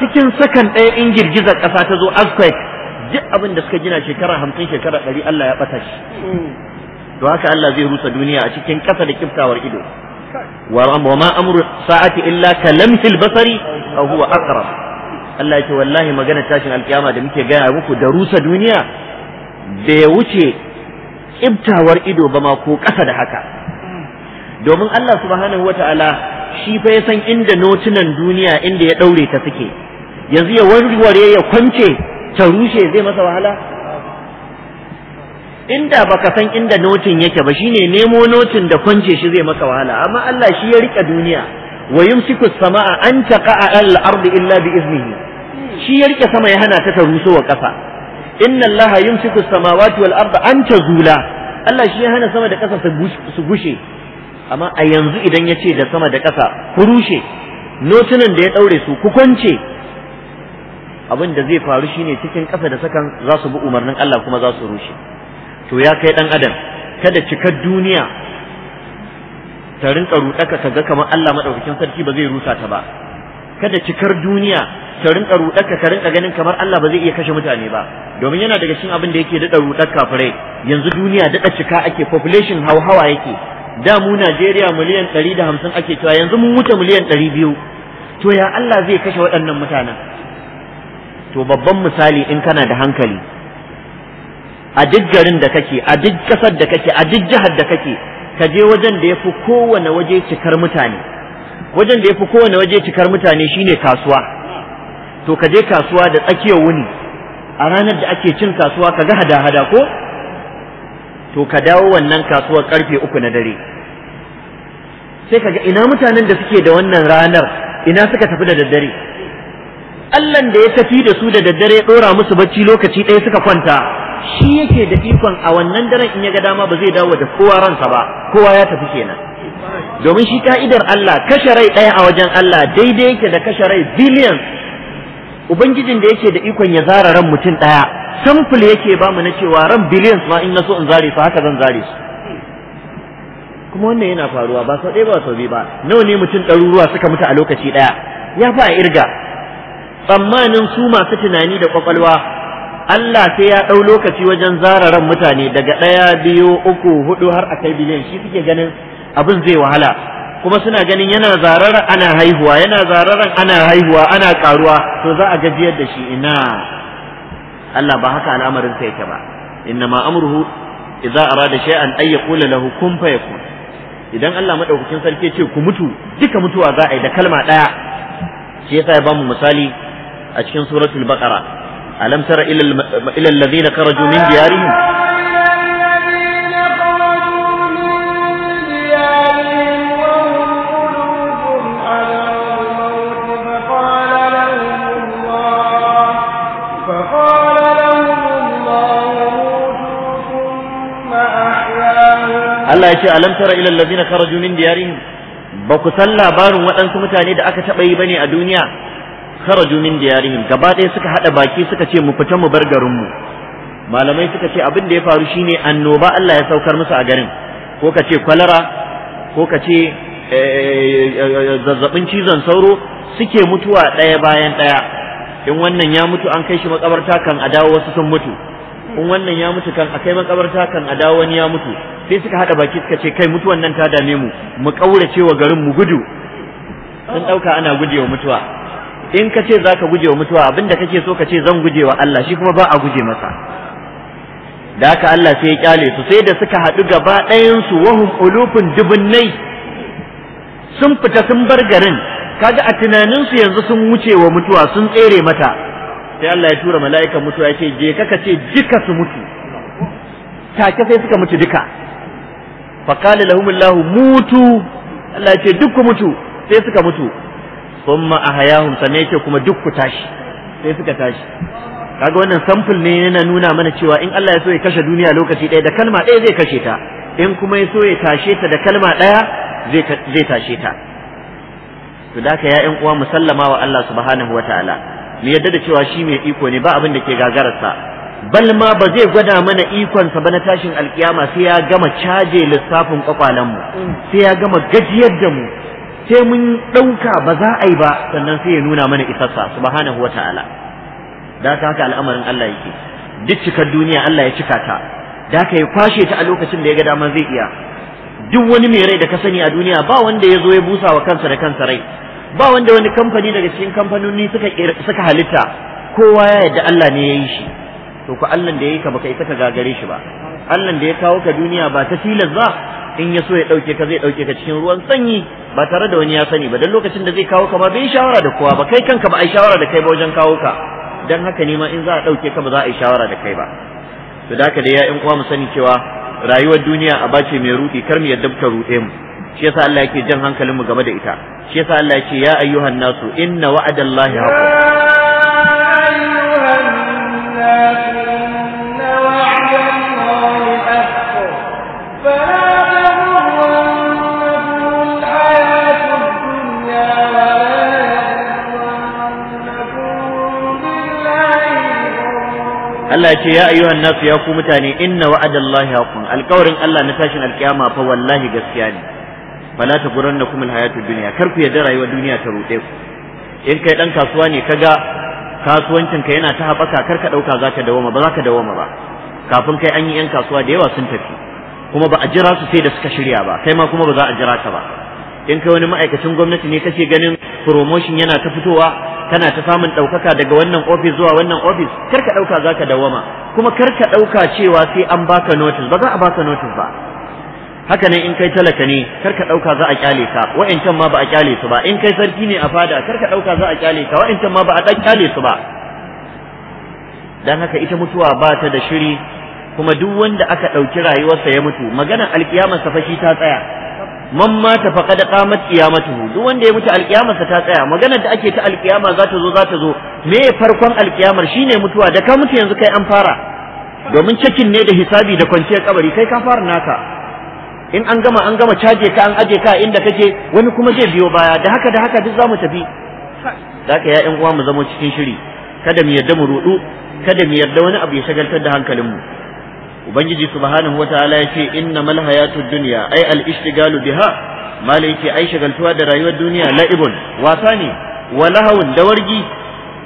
cikin sakan ɗaya in girgizar ƙasa ta zo earthquake duk abin da suka gina shekara hamsin shekara ɗari Allah ya ɓata shi to haka Allah zai rusa duniya a cikin ƙasa da kiftawar ido wa ma amru sa'ati illa ka lamsil basari a huwa aqrab Allah ce wallahi magana tashin alkiyama da muke gaya muku da rusa duniya bai wuce kiftawar ido ba ma ko ƙasa da haka domin Allah subhanahu wata'ala shi fa ya san inda notunan duniya inda ya ɗaure ta suke yanzu ya warware ya kwance ta rushe zai masa wahala inda baka san inda notin yake ba shine nemo notin da kwance shi zai maka wahala amma Allah shi ya rike duniya wa yumsiku samaa an taqa'a al-ard illa bi iznihi shi ya rike sama ya hana ta ta wa kasa inna Allah yumsiku samawati wal ard an tazula Allah shi ya hana sama da kasa su gushe amma a yanzu idan ya ce da sama da kasa ku rushe notunan da ya daure su ku kwance abin da zai faru shine cikin kasa da sakan za su bi umarnin Allah kuma za su rushe to ya kai dan adam kada cikar duniya ta rinka ruɗaka ka ga kamar Allah madaukakin sarki ba zai rusa ta ba kada cikar duniya ta rinka ruɗaka ka rinka ganin kamar Allah ba zai iya kashe mutane ba domin yana daga cikin abin da yake daɗa ruɗar kafirai yanzu duniya daɗa cika ake population hauhawa yake da mu Najeriya miliyan ɗari da hamsin ake cewa yanzu mun wuce miliyan ɗari biyu to ya Allah zai kashe waɗannan mutanen to babban misali in kana da hankali a duk garin da kake a duk kasar da kake a duk jihar da kake ka je wajen da yafi kowane waje cikar mutane wajen da yafi kowane waje cikar mutane shine kasuwa to ka je kasuwa da tsakiyar wuni a ranar da ake cin kasuwa ka ga hada-hada ko to ka dawo wannan kasuwar karfe uku na dare sai ka ga ina mutanen da suke da wannan ranar ina suka tafi da daddare Allahn da ya tafi da su da daddare ya ɗora musu bacci lokaci ɗaya suka kwanta shi yake da ikon a wannan daren in ya ga dama ba zai dawo da kowa ransa ba kowa ya tafi kenan domin shi ka'idar Allah kashe rai ɗaya a wajen Allah daidai yake da kashe rai biliyan ubangijin da yake da ikon ya zara ran mutum ɗaya samfil yake ba mu na cewa ran biliyan ma in na so in zare su haka zan zare su kuma wannan yana faruwa ba sau ɗaya ba sau biyu ba nawa ne mutum ɗaruruwa suka mutu a lokaci ɗaya ya fi a irga tsammanin su masu tunani da kwakwalwa Allah sai ya ɗau lokaci wajen zara mutane daga ɗaya biyu uku hudu har a kai biliyan shi suke ganin abin zai wahala kuma suna ganin yana zararan ana haihuwa yana zararan ana haihuwa ana karuwa to za a gajiyar da shi ina Allah ba haka al'amarin sa yake ba inna ma amruhu idza arada shay'an ay yaqula lahu kun fayakun idan Allah madaukakin sarki ya ce ku mutu duka mutuwa za a yi da kalma daya shi yasa ya bamu misali a cikin suratul baqara alam tara ila alladhina kharaju min diyarihim Allah ya ce alam tara ila alladhina kharaju min diyarihim ba ku san labarin waɗansu mutane da aka taɓa yi bane a duniya kharaju min diyarihim gaba ɗaya suka hada baki suka ce mu fita mu bar garin mu malamai suka ce abin da ya faru shine annoba Allah ya saukar musu a garin ko ka ce kwalara ko ka ce eh, eh, eh, zazzabin cizon sauro suke mutuwa ɗaya bayan ɗaya in wannan ya mutu an kai shi makabarta kan a dawo wasu sun mutu in wannan ya mutu kan a kai makabarta kan a dawo wani ya mutu sai suka hada baki suka ce kai mutuwan nan ta dame mu mu kaurace wa garin mu gudu sun dauka ana gujewa mutuwa in ka ce za ka guje wa mutuwa abinda kake so ka ce zan guje wa Allah shi kuma ba a guje masa da haka Allah sai ya kyale su sai da suka haɗu gaba ɗayansu wahum ulufin dubunnai sun fita sun bar garin kaga a tunaninsu yanzu sun wuce wa mutuwa sun tsere mata sai Allah ya tura mala'ikan mutuwa ya ce je ka ce duka su mutu take sai suka mutu duka faqala lahumullahu mutu Allah ya ce duk ku mutu sai suka mutu thumma ahayahum sannan ce kuma duk ku tashi sai suka tashi kaga wannan sample ne yana nuna mana cewa in Allah ya so ya kashe duniya lokaci ɗaya da kalma ɗaya zai kashe ta in kuma ya so ya tashe ta da kalma ɗaya zai tashe ta to da ka ya ƴan uwa musallama wa Allah subhanahu wa ta'ala mu yadda da cewa shi mai iko ne ba abin da ke gagararsa bal ma ba zai gwada mana ikonsa ba na tashin alkiyama sai ya gama caje lissafin mu. sai ya gama gajiyar da mu sai mun ɗauka ba za a yi ba sannan sai ya nuna mana isassa subhanahu wa ta'ala da ta haka al'amarin Allah yake duk cikar duniya Allah ya cika ta da ka ya kwashe ta a lokacin da ya ga dama zai iya duk wani mai rai da ka sani a duniya ba wanda ya zo ya busa wa kansa da kansa rai ba wanda wani kamfani daga cikin kamfanoni suka suka halitta kowa ya yarda Allah ne ya yi shi to ku Allah da ya yi ka baka isa ka gagare shi ba Allah da ya kawo ka duniya ba ta tilas ba in ya so ya ɗauke ka zai ɗauke ka cikin ruwan sanyi ba tare da wani ya sani ba dan lokacin da zai kawo ka ma bai shawara da kowa ba kai kanka ba ai shawara da kai ba wajen kawo ka dan haka ne ma in za a ɗauke ka ba za a yi shawara da kai ba to da haka dai ya in uwa mu sani cewa rayuwar duniya a bace mai ruɗi kar mu yadda ruɗe mu shi yasa Allah yake jan hankalin mu game da ita shi yasa Allah yake ya ayyuhan nasu inna wa'adallahi haqqun ya ayyuhan nasu Allah ya ce ya ayyuhan nasu ya ku mutane inna wa'adallahi haqqun alƙawarin Allah na tashin alƙiyama fa wallahi gaskiya ne fala tagurannakum alhayatud dunya kar ku yadda rayuwar duniya ta ruɗe ku in kai dan kasuwa ne kaga kasuwancin ka yana ta haɓaka kar ka ɗauka zaka dawoma ba zaka dawoma ba kafin kai an yi yan kasuwa da yawa sun tafi kuma ba a jira su sai da suka shirya ba kai ma kuma ba za a jira ka ba in kai wani ma'aikacin gwamnati ne kake ganin promotion yana ta fitowa kana ta samun ɗaukaka daga wannan office zuwa wannan office kar ka ɗauka za ka dawama kuma kar ka ɗauka cewa sai an baka notice ba za a baka notice ba haka nan in kai talaka ne kar ka ɗauka za a kyale ka wa'incan ma ba a kyale su ba in kai sarki ne a fada kar ka ɗauka za a kyale ka wa'incan ma ba a kyale su ba dan haka ita mutuwa ba ta da shiri kuma duk wanda aka ɗauki rayuwarsa ya mutu maganar alkiyama safashi ta tsaya man mata faqad qamat qiyamatuhu duk wanda ya mutu sa ta tsaya maganar da ake ta alqiyama za ta zo za ta zo me farkon shi shine mutuwa da ka mutu yanzu kai an fara domin cikin ne da hisabi da kwanciyar kabari kai ka fara naka in an gama an gama caje ka an aje ka inda kake wani kuma zai biyo baya da haka da haka duk zamu tafi zaka ya yan uwa mu zama cikin shiri kada mu yarda mu rudu kada mu yarda wani abu ya shagaltar da hankalin mu ubangiji subhanahu wataala ya ce innamal hayatud dunya ai al ishtigalu biha malai ce ai shagaltuwa da rayuwar duniya la'ibun wasa ne wa lahawun da wargi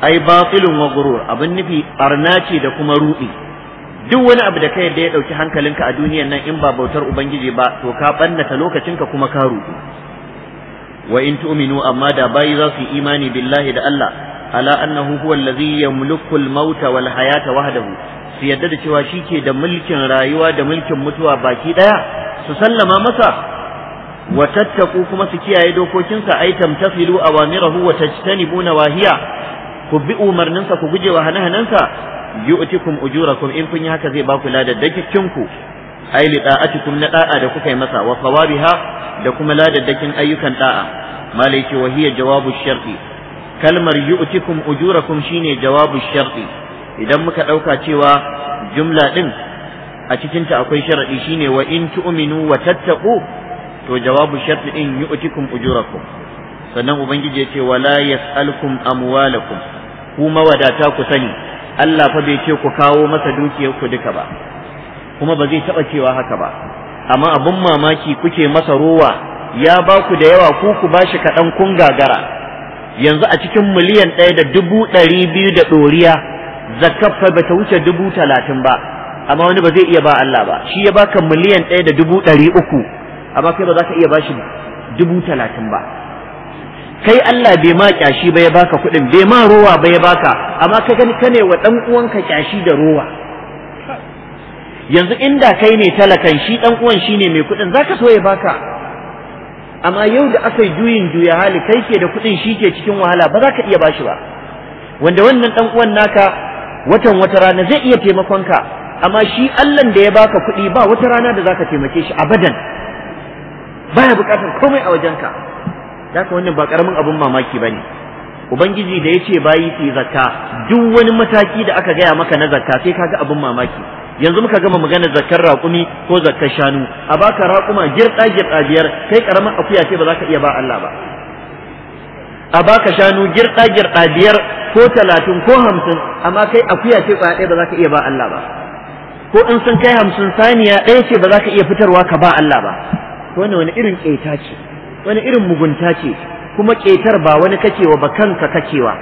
ai batilun wa gurur abin nufi arna ce da kuma ruɗi duk wani abu da kai da ya ɗauki hankalinka a duniyan nan in ba bautar ubangiji ba to ka ɓannata lokacinka kuma ka ruɗu wa in tu'minu amma da bayi za su yi imani billahi da Allah ala annahu huwa allazi yamliku al-mauta wal hayata wahdahu su yadda da cewa shi ke da mulkin rayuwa da mulkin mutuwa baki ɗaya su sallama masa wa tattaku kuma su kiyaye dokokinsa ai tamtasilu awamirahu wa tajtanibu nawahiya ku bi umarninsa ku guje wa hane-hanensa yu'tikum ujurakum in kun yi haka zai ba ku ladaddakin ku ai li na da'a da kuka yi masa wa sawabiha da kuma ladaddakin ayyukan da'a malai wa hiya jawabu sharti kalmar yu'tikum ujurakum shine jawabu sharti idan muka ɗauka cewa jumla ɗin a cikinta akwai sharaɗi shine wa in tu'minu wa tattaqu to jawabu sharti ɗin yu'tikum ujurakum sannan ubangiji ya ce wala yas'alukum amwalakum ku mawadata ku sani Allah fa bai ce ku kawo masa dukiyar ku duka ba kuma ba zai taɓa cewa haka ba amma abin mamaki kuke masa rowa ya ba ku da yawa ku ku ba shi kaɗan kun gagara yanzu a cikin miliyan ɗaya da dubu ɗari biyu da ɗoriya zakaffa ba ta wuce dubu talatin ba amma wani ba zai iya ba Allah ba shi ya baka miliyan ɗaya da dubu ɗari uku amma kai ba za ka iya shi dubu talatin ba kai Allah bai ma kyashi ba ya baka kuɗin bai ma rowa ba ya baka amma kai gani kane wa ɗan uwanka kyashi da rowa yanzu inda kai ne talakan shi ɗan uwan shi ne mai kuɗin za ka so ya baka amma yau da aka yi juyin juya hali kai ke da kuɗin shi ke cikin wahala ba za ka iya bashi ba wanda wannan ɗan uwan naka watan wata rana zai iya taimakon ka amma shi Allah da ya baka kuɗi ba wata rana da zaka taimake shi abadan baya bukatar komai a wajenka ka wannan ba karamin abun mamaki bane ubangiji da yace bayi fi zakka duk wani mataki da aka gaya maka na zakka sai kaga abun mamaki yanzu muka gama magana zakkar raƙumi ko zakkar shanu a baka raƙuma girɗa girɗa biyar kai karamin akuya ce ba za ka iya ba Allah ba a baka shanu girɗa girɗa biyar ko talatin ko hamsin amma kai akuya ce kwaya ɗaya ba za ka iya ba Allah ba ko in sun kai hamsin saniya ɗaya ce ba za ka iya fitarwa ka ba Allah ba wani wani irin ƙeta ce wani irin mugunta ce kuma ƙetar ba wani kacewa ba kanka kacewa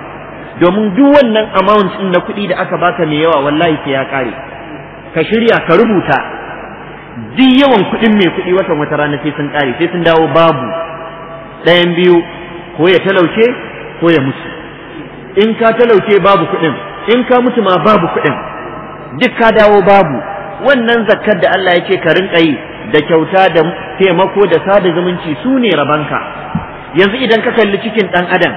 domin duk wannan amount ɗin na kuɗi da aka baka mai yawa wallahi sai ya ƙare ka shirya ka rubuta duk yawan kuɗin mai kuɗi watan wata rana sai sun ƙare sai sun dawo babu ɗayan biyu ko ya talauke ko ya mutu in ka talauke babu kuɗin in ka mutu ma babu kuɗin duk ka dawo babu wannan zakkar da Allah yake ka rinka yi da kyauta da taimako da sada zumunci su ne rabanka yanzu idan ka kalli cikin ɗan adam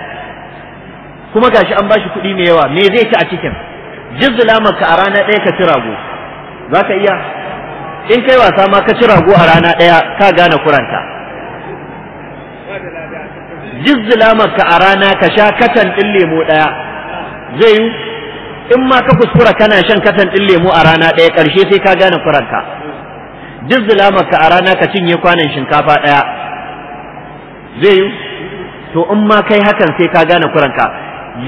kuma gashi an bashi kuɗi mai yawa me zai ci a cikin jizzulamarka a rana ɗaya ka ci rago za ka iya in kai wasa ma ka ci rago a rana ɗaya ka gane kuranta jizzulamarka a rana ka sha katan ɗin lemo ɗaya zai yi in ma ka kuskura kana shan katan ɗin lemo a rana ɗaya ƙarshe sai ka gane kuranka jizzulamarka a rana ka cinye kwanan shinkafa ɗaya zai yi to in ma kai hakan sai ka gane kuranka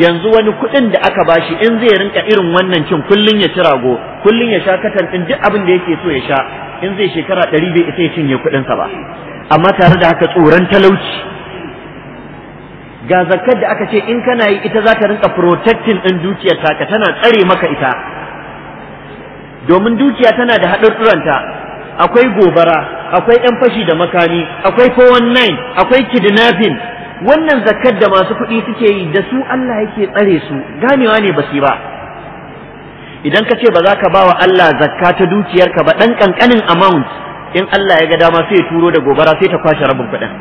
yanzu wani kuɗin da aka bashi in zai rinka irin wannan cin kullun ya ci rago kullun ya sha katan ɗin duk abin da yake so ya sha in zai shekara ɗari bai isa ya cinye kuɗinsa ba amma tare da haka tsoron talauci ga zakkar da aka ce in kana yi ita za ta rinka protecting ɗin dukiyar ka tana tsare maka ita domin dukiya tana da haɗurɗuranta akwai gobara akwai ɗan fashi da makami akwai 419 akwai kidnapping wannan zakkar da masu kuɗi suke yi da su Allah yake tsare su ganewa ne basu ba idan ka ce ba za ka bawa Allah zakka ta dukiyarka ba ɗan ƙanƙanin amount in Allah ya ga dama sai ya turo da gobara sai ta kwashe rabin kuɗin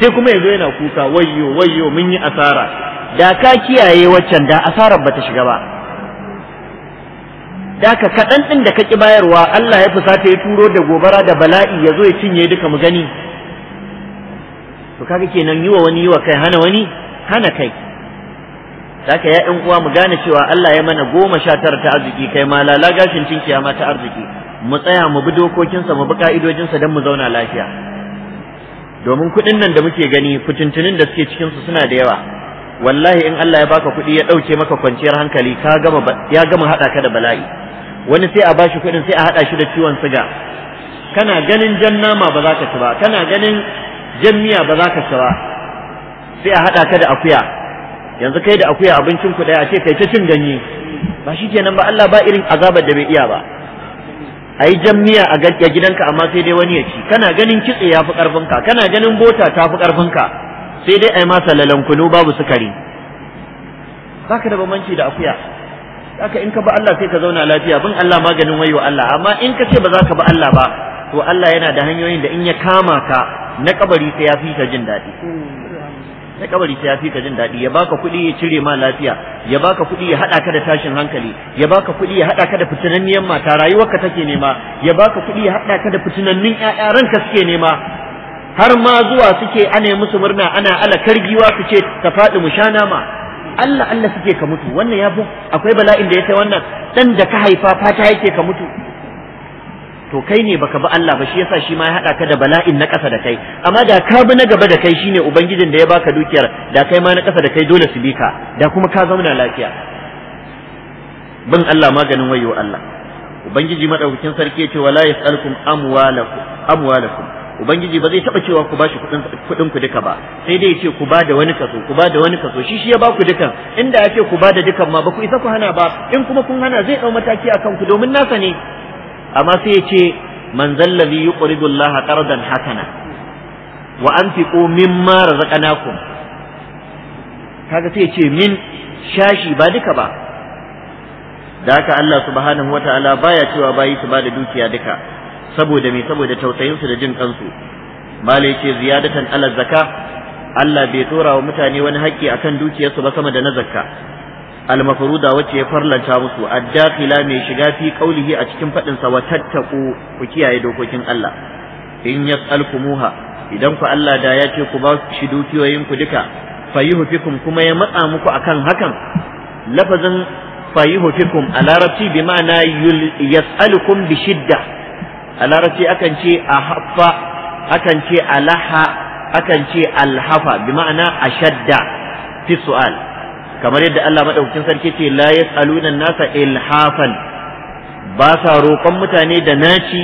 sai kuma yazo yana kuka wayyo wayyo mun yi asara da ka kiyaye waccan da asarar ta shiga ba da ka kaɗan ɗin da ka ƙi bayarwa Allah ya fusata ya turo da gobara da bala'i yazo ya cinye duka mu gani to kaga kenan yi wani yiwa kai hana wani hana kai zaka ya ɗan uwa mu gane cewa Allah ya mana goma sha tara ta arziki kai ma lala gashin cin kiyama ta arziki mu tsaya mu bi dokokinsa mu bi ka'idojinsa don mu zauna lafiya domin kuɗin nan da muke gani kutuntunin da suke cikin su suna da yawa wallahi in Allah ya baka kuɗi ya ɗauke maka kwanciyar hankali ka gama ya gama haɗa ka da bala'i wani sai a bashi kuɗin sai a haɗa shi da ciwon siga kana ganin jan nama ba za ka ci ba kana ganin jan miya ba za ka ci ba sai a haɗa ka da akuya yanzu kai da akuya abincin ku ɗaya a ce kai ta cin ganye ba shi kenan ba Allah ba irin azabar da bai iya ba a yi jan miya a gidanka amma sai dai wani ya ci kana ganin kitse ya fi ƙarfinka kana ganin bota ta fi ƙarfinka sai dai a yi masa lalankunu babu sukari ka da bambanci da akuya ka in ka ba Allah sai ka zauna lafiya bin Allah maganin wayo Allah amma in ka ce ba za ka ba Allah ba to Allah yana da hanyoyin da in ya kama ka na kabari sai ya fi ka jin daɗi sai kabari sai ya fi ka jin daɗi ya baka kuɗi ya cire ma lafiya ya baka kuɗi ya haɗa ka da tashin hankali ya baka kuɗi ya haɗa ka da fitinanniyar mata ka take nema ya baka kuɗi ya haɗa ka da fitinannin ƴaƴa ranka suke nema har ma zuwa suke ana musu murna ana ala kargiwa su ce ta faɗi mu sha nama Allah Allah suke ka mutu wannan ya fi akwai bala'in da ya sai wannan ɗan da ka haifa fata yake ka mutu to kai ne baka bi Allah ba shi yasa shi ma ya hada ka da bala'in na ƙasa da kai amma da ka bi na gaba da kai shine ubangijin da ya baka dukiyar da kai ma na ƙasa da kai dole su bi ka da kuma ka zauna lafiya bin Allah maganin wayo Allah ubangiji madaukakin sarki ya ce wala yasalkum amwalakum amwalakum ubangiji ba zai taba cewa ku bashi kudin kudin ku duka ba sai dai yace ku ba da wani kaso ku ba da wani kaso shi shi ya ba ku dukan inda yace ku ba da dukan ma ba ku isa ku hana ba in kuma kun hana zai dau mataki akan ku domin nasa ne amma sai ya ce man yi yuqridu Allah qardan hasana wa min mara zaƙanakun. kaga sai ya ce min shashi ba duka ba da haka Allah subhanahu ta'ala baya cewa bayi su da dukiya duka saboda me saboda tausayinsu da jin kansu malai ce ziyadatan ala zakka Allah bai tora wa mutane wani haƙƙi akan dukiyarsu ba sama da na zakka المفروضة وجه فرلا تامسو الداخلة من شغا في قوله أتكم فتن وتتقوا وكيا يدوكوكين الله إن يسألكموها إذا فألا داياتي قباس شدوكي وينكو دكا فيهفكم كما يمأ مكو أكان هكا لفظا فيهفكم على ربتي بمعنى يسألكم بشدة على ربتي أكن شيء أحف أكن شيء ألحى أكن شيء ألحف بمعنى أشد في السؤال kamar yadda Allah madaukakin sarki ce la yasaluna nasa ilhafan ba sa roƙon mutane da naci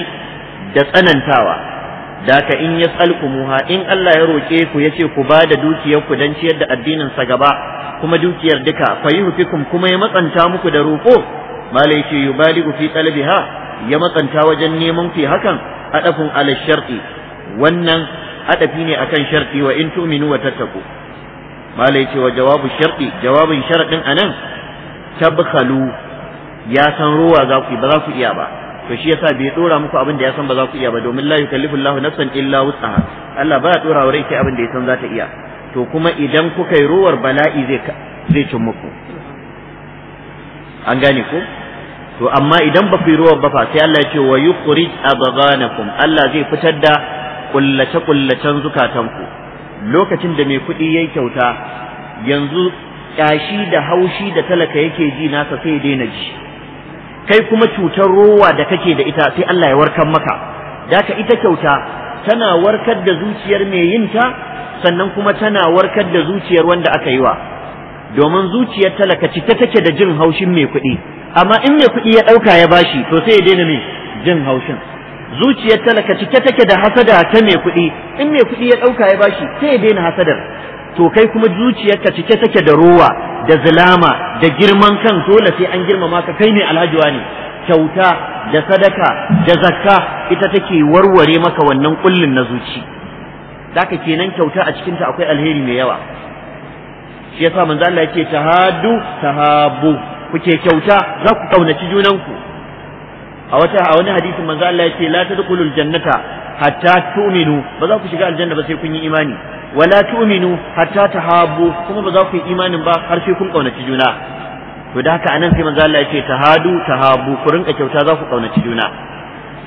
da tsanantawa daka in yasalkumuha in Allah ya roƙe ku ya ce ku ba da dukiyar ku dan ciyar da addinin sa gaba kuma dukiyar duka fayuhfikum kuma ya matsanta muku da roƙo malai ce yubaligu fi talabiha ya matsanta wajen neman fi hakan adafun ala sharti wannan adafi ne akan sharti wa in tu'minu wa tattaku. mala ce wa jawabu sharti jawabin sharadin anan tabkhalu ya san ruwa za ku ba za ku iya ba to shi yasa bai dora muku abin da ya san ba za ku iya ba domin la yukallifu Allahu nafsan illa wus'aha Allah ba ya dora wa rai sai abin da ya san za ta iya to kuma idan kuka yi ruwar bala'i zai zai cin muku an gane ku to amma idan ba ku yi ruwar ba fa sai Allah ya ce wa yukhrij adghanakum Allah zai fitar da kullace kullacen zukatanku lokacin da mai kuɗi yayi kyauta yanzu ƙyashi da haushi da talaka yake ji nasa sai daina ji kai kuma cutar rowa da kake da ita sai Allah ya warkar maka daka ita kyauta tana warkar da zuciyar mai yin ta sannan kuma tana warkar da zuciyar wanda aka yi wa domin zuciyar talaka ta take da jin haushin mai kuɗi amma in mai kuɗi ya ɗauka ya bashi to sai ya daina mai jin haushin zuciyar talaka cike take da hasada ta mai kuɗi in mai kuɗi ya ɗauka ya bashi sai ya daina hasadar to kai kuma zuciyarka cike take da rowa da zulama da girman kan dole sai an girmama ka kai ne alhajuwa ne kyauta da sadaka da zakka ita take warware maka wannan kullin na zuci daka kenan kyauta a cikin ta akwai alheri mai yawa shi yasa manzo Allah yake tahaddu tahabu kuke kyauta za ku kaunaci junanku a wata a wani hadisin manzo Allah yace la tadkhulul jannata hatta tu'minu ba za ku shiga aljanna ba sai kun yi imani wala tu'minu hatta tahabu kuma ba za ku yi imanin ba har sai kun kaunaci juna to da haka anan sai manzo Allah yace tahadu tahabu ku rinka kyauta za ku kaunaci juna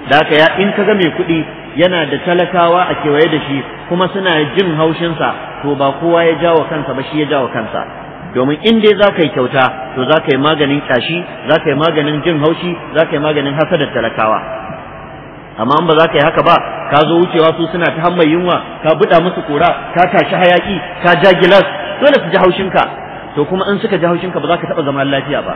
da haka ya in kaga mai kuɗi yana da talakawa a kewaye da shi kuma suna jin haushinsa to ba kowa ya jawo kansa ba shi ya jawo kansa domin in dai za ka yi kyauta to za ka yi maganin kyashi za ka yi maganin jin haushi za ka yi maganin hasadar talakawa amma in ba za ka yi haka ba ka zo wucewa su suna ta hammar yunwa ka buɗa musu kura ka tashi hayaki ka ja gilas dole su ji haushinka to kuma in suka ji haushinka ba za ka taɓa zaman lafiya ba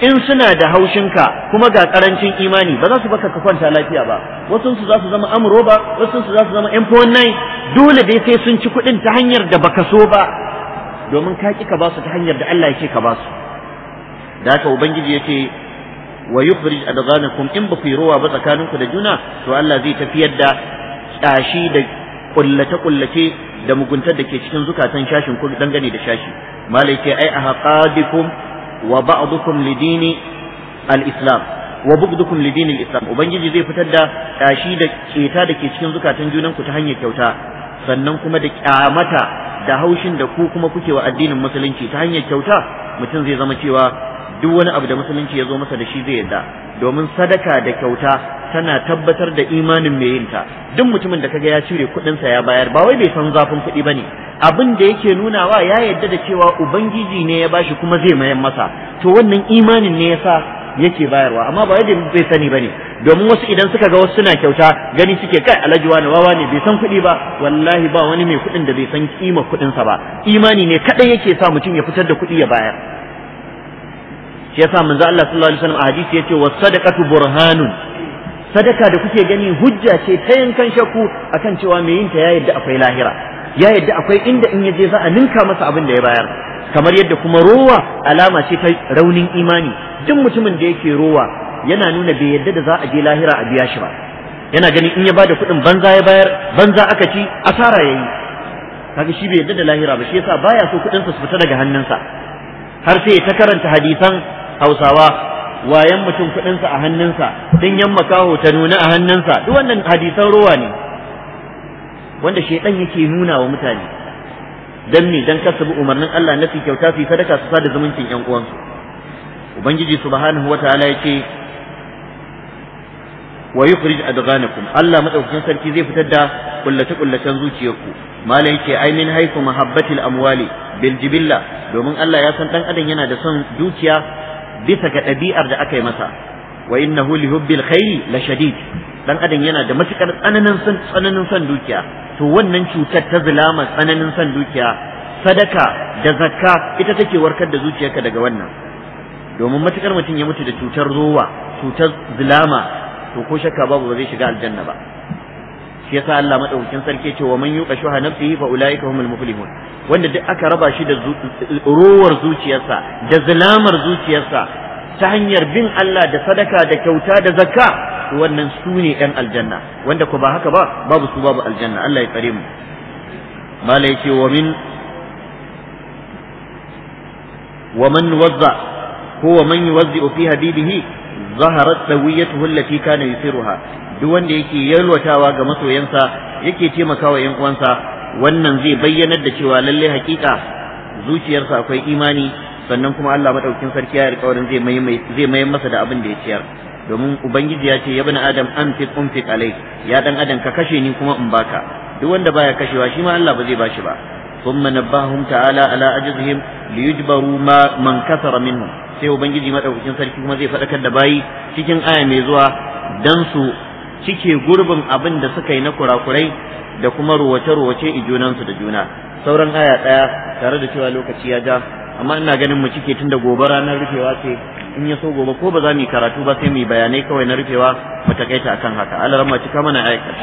in suna da haushin ka kuma ga karancin imani ba za su baka ka kwanta lafiya ba wasu su za su zama amuro ba wasu su za su zama yan nine dole dai sai sun ci kuɗin ta hanyar da baka so ba domin ka ki ka ba su ta hanyar da Allah yake ka ba su da haka ubangiji yace wa yukhrij adghanakum in ba ku ruwa ba ku da juna to Allah zai tafiyar da kyashi da kullace kullace da muguntar da ke cikin zukatan shashin ku dangane da shashi malai ce ai ahqadikum wa ba'dukum lidini al-islam wa bugdukum lidini al-islam ubangiji zai fitar da kyashi da keta da ke cikin zukatan junanku ta hanyar kyauta sannan kuma da kyamata da haushin da ku kuma kuke wa addinin musulunci ta hanyar kyauta mutum zai zama cewa duk wani abu da musulunci ya zo masa da shi zai yadda domin sadaka da kyauta tana tabbatar da imanin mai yinta duk mutumin da kaga ya cire sa ya bayar ba wai bai san zafin kuɗi bane abin da yake nunawa ya yadda da cewa ubangiji ne ya bashi kuma zai mayan masa to wannan imanin ne ya sa? yake bayarwa amma ba yadda bai sani bane domin wasu idan suka ga wasu suna kyauta gani suke kai alajuwa wani wawa ne bai san kuɗi ba wallahi ba wani mai kuɗin da bai san kima sa ba imani ne kaɗai yake sa mutum ya fitar da kuɗi ya bayar shi yasa manzo Allah sallallahu alaihi wasallam a hadisi yace was sadaqatu burhanun sadaka da kuke gani hujja ce ta yankan shakku akan cewa mai yin ta ya yadda akwai lahira ya yadda akwai inda in yaje za a ninka masa abin da ya bayar kamar yadda kuma rowa alama ce ta raunin imani duk mutumin da yake rowa yana nuna bai yadda da za a je lahira a biya shi ba yana ganin in ya bada kuɗin banza ya bayar banza aka ci asara yayi kaga shi bai yadda da lahira ba shi yasa baya so kuɗin su fita daga hannunsa har sai ya ta karanta hadisan Hausawa wayan mutum kuɗinsa a hannunsa dinyan makaho ta nuna a hannunsa duk wannan hadisan rowa ne wanda shaidan yake nuna wa mutane dan ne dan bi umarnin Allah na fi kyauta fi sadaka su sada zumuncin yan uwansu ubangiji subhanahu wataala yake wa yukhrij adghanakum Allah madaukakin sarki zai fitar da kullace kullacen zuciyarku malai yake ai min haythu mahabbatil amwali bil jibilla domin Allah ya san dan adam yana da son dukiya bisa ga ɗabi'ar da aka yi masa wa innahu li hubbil khairi la shadid dan adam yana da matukar tsananin san tsananin san dukiya to wannan cutar ta zulama tsananin san dukiya sadaka da zakka ita take warkar da zuciyarka daga wannan domin matukar mutum ya mutu da cutar rowa cutar zulama to ko shakka babu ba zai shiga aljanna ba shi yasa Allah madaukakin sarki ce wa man yuqashu shuha nafsihi fa ulaika humul muflihun wanda duk aka raba shi da rowar zuciyarsa da zulamar zuciyarsa ta hanyar bin Allah da sadaka da kyauta da zakka wannan su ne 'yan aljanna wanda ku ba haka ba babu su babu aljanna Allah ya tsare mu mala yake wa min wa man wazza ko wa man yuwazzi fi habibihi zaharat sawiyatuhu allati kana yusiruha duk wanda yake yalwatawa ga masoyansa yake taimakawa yan uwansa wannan zai bayyanar da cewa lalle hakika zuciyarsa akwai imani sannan kuma Allah madaukin sarki ya alƙawarin zai mai zai mai masa da abin da ya ciyar domin ubangiji ya ce ya bani adam anfiq unfiq alai ya dan adam ka kashe ni kuma in baka duk wanda baya kashewa shi ma Allah ba zai bashi ba ثم نبههم ala ala عجزهم ليجبروا ma man kathara minhum sai ubangiji madaukakin sarki kuma zai faɗakar da bayi cikin aya mai zuwa dan su cike gurbin abin da suka yi na kurakurai da kuma ruwace-ruwace junansu da juna sauran aya ɗaya tare da cewa lokaci ya ja amma ina ganin mu cike tunda gobe ranar rufewa ce in ya so gobe ko ba za mu yi karatu ba sai mu yi bayanai kawai na rufewa mu takaita akan haka Allah rahma cika mana ayyuka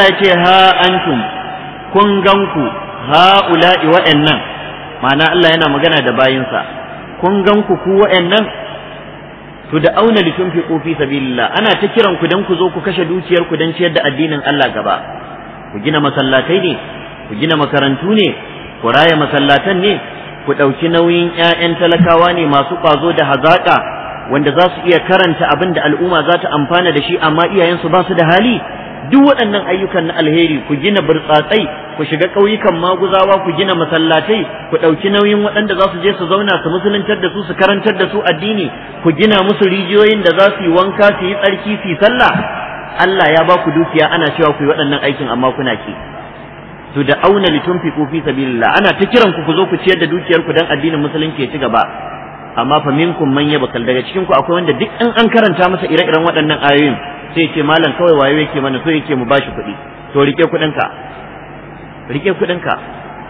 Allah ya ce ha antum kun ganku ha'ula'i wa'annan ma'ana Allah yana magana da bayinsa kun ganku ku wa'annan to da auna li tunfiqu fi sabilillah ana ta kiran ku dan ku zo ku kashe dukiyar ku dan ciyar da addinin Allah gaba ku gina masallatai ne ku gina makarantu ne ku raya masallatan ne ku ɗauki nauyin 'ya'yan talakawa ne masu ƙwazo da hazaƙa wanda za su iya karanta abin da al'umma za ta amfana da shi amma iyayensu ba su da hali duk waɗannan ayyukan na alheri ku gina burtsatsai ku shiga ƙauyukan maguzawa ku gina masallatai ku ɗauki nauyin waɗanda za su je su zauna su musuluntar da su su karantar da su addini ku gina musu rijiyoyin da za su yi wanka su yi tsarki su yi sallah Allah ya ba ku dukiya ana cewa ku yi waɗannan aikin amma kuna ki to da auna litunfiqu fi sabilillah ana ta kiran ku ku zo ku ciyar da dukiyarku ku dan addinin musulunci ya ci gaba amma fa minkum man yabkal daga cikin ku akwai wanda duk in an karanta masa ire-iren waɗannan ayoyin sai ce malam kawai wayo yake mana so yake mu bashi kuɗi to rike kuɗin ka rike kuɗin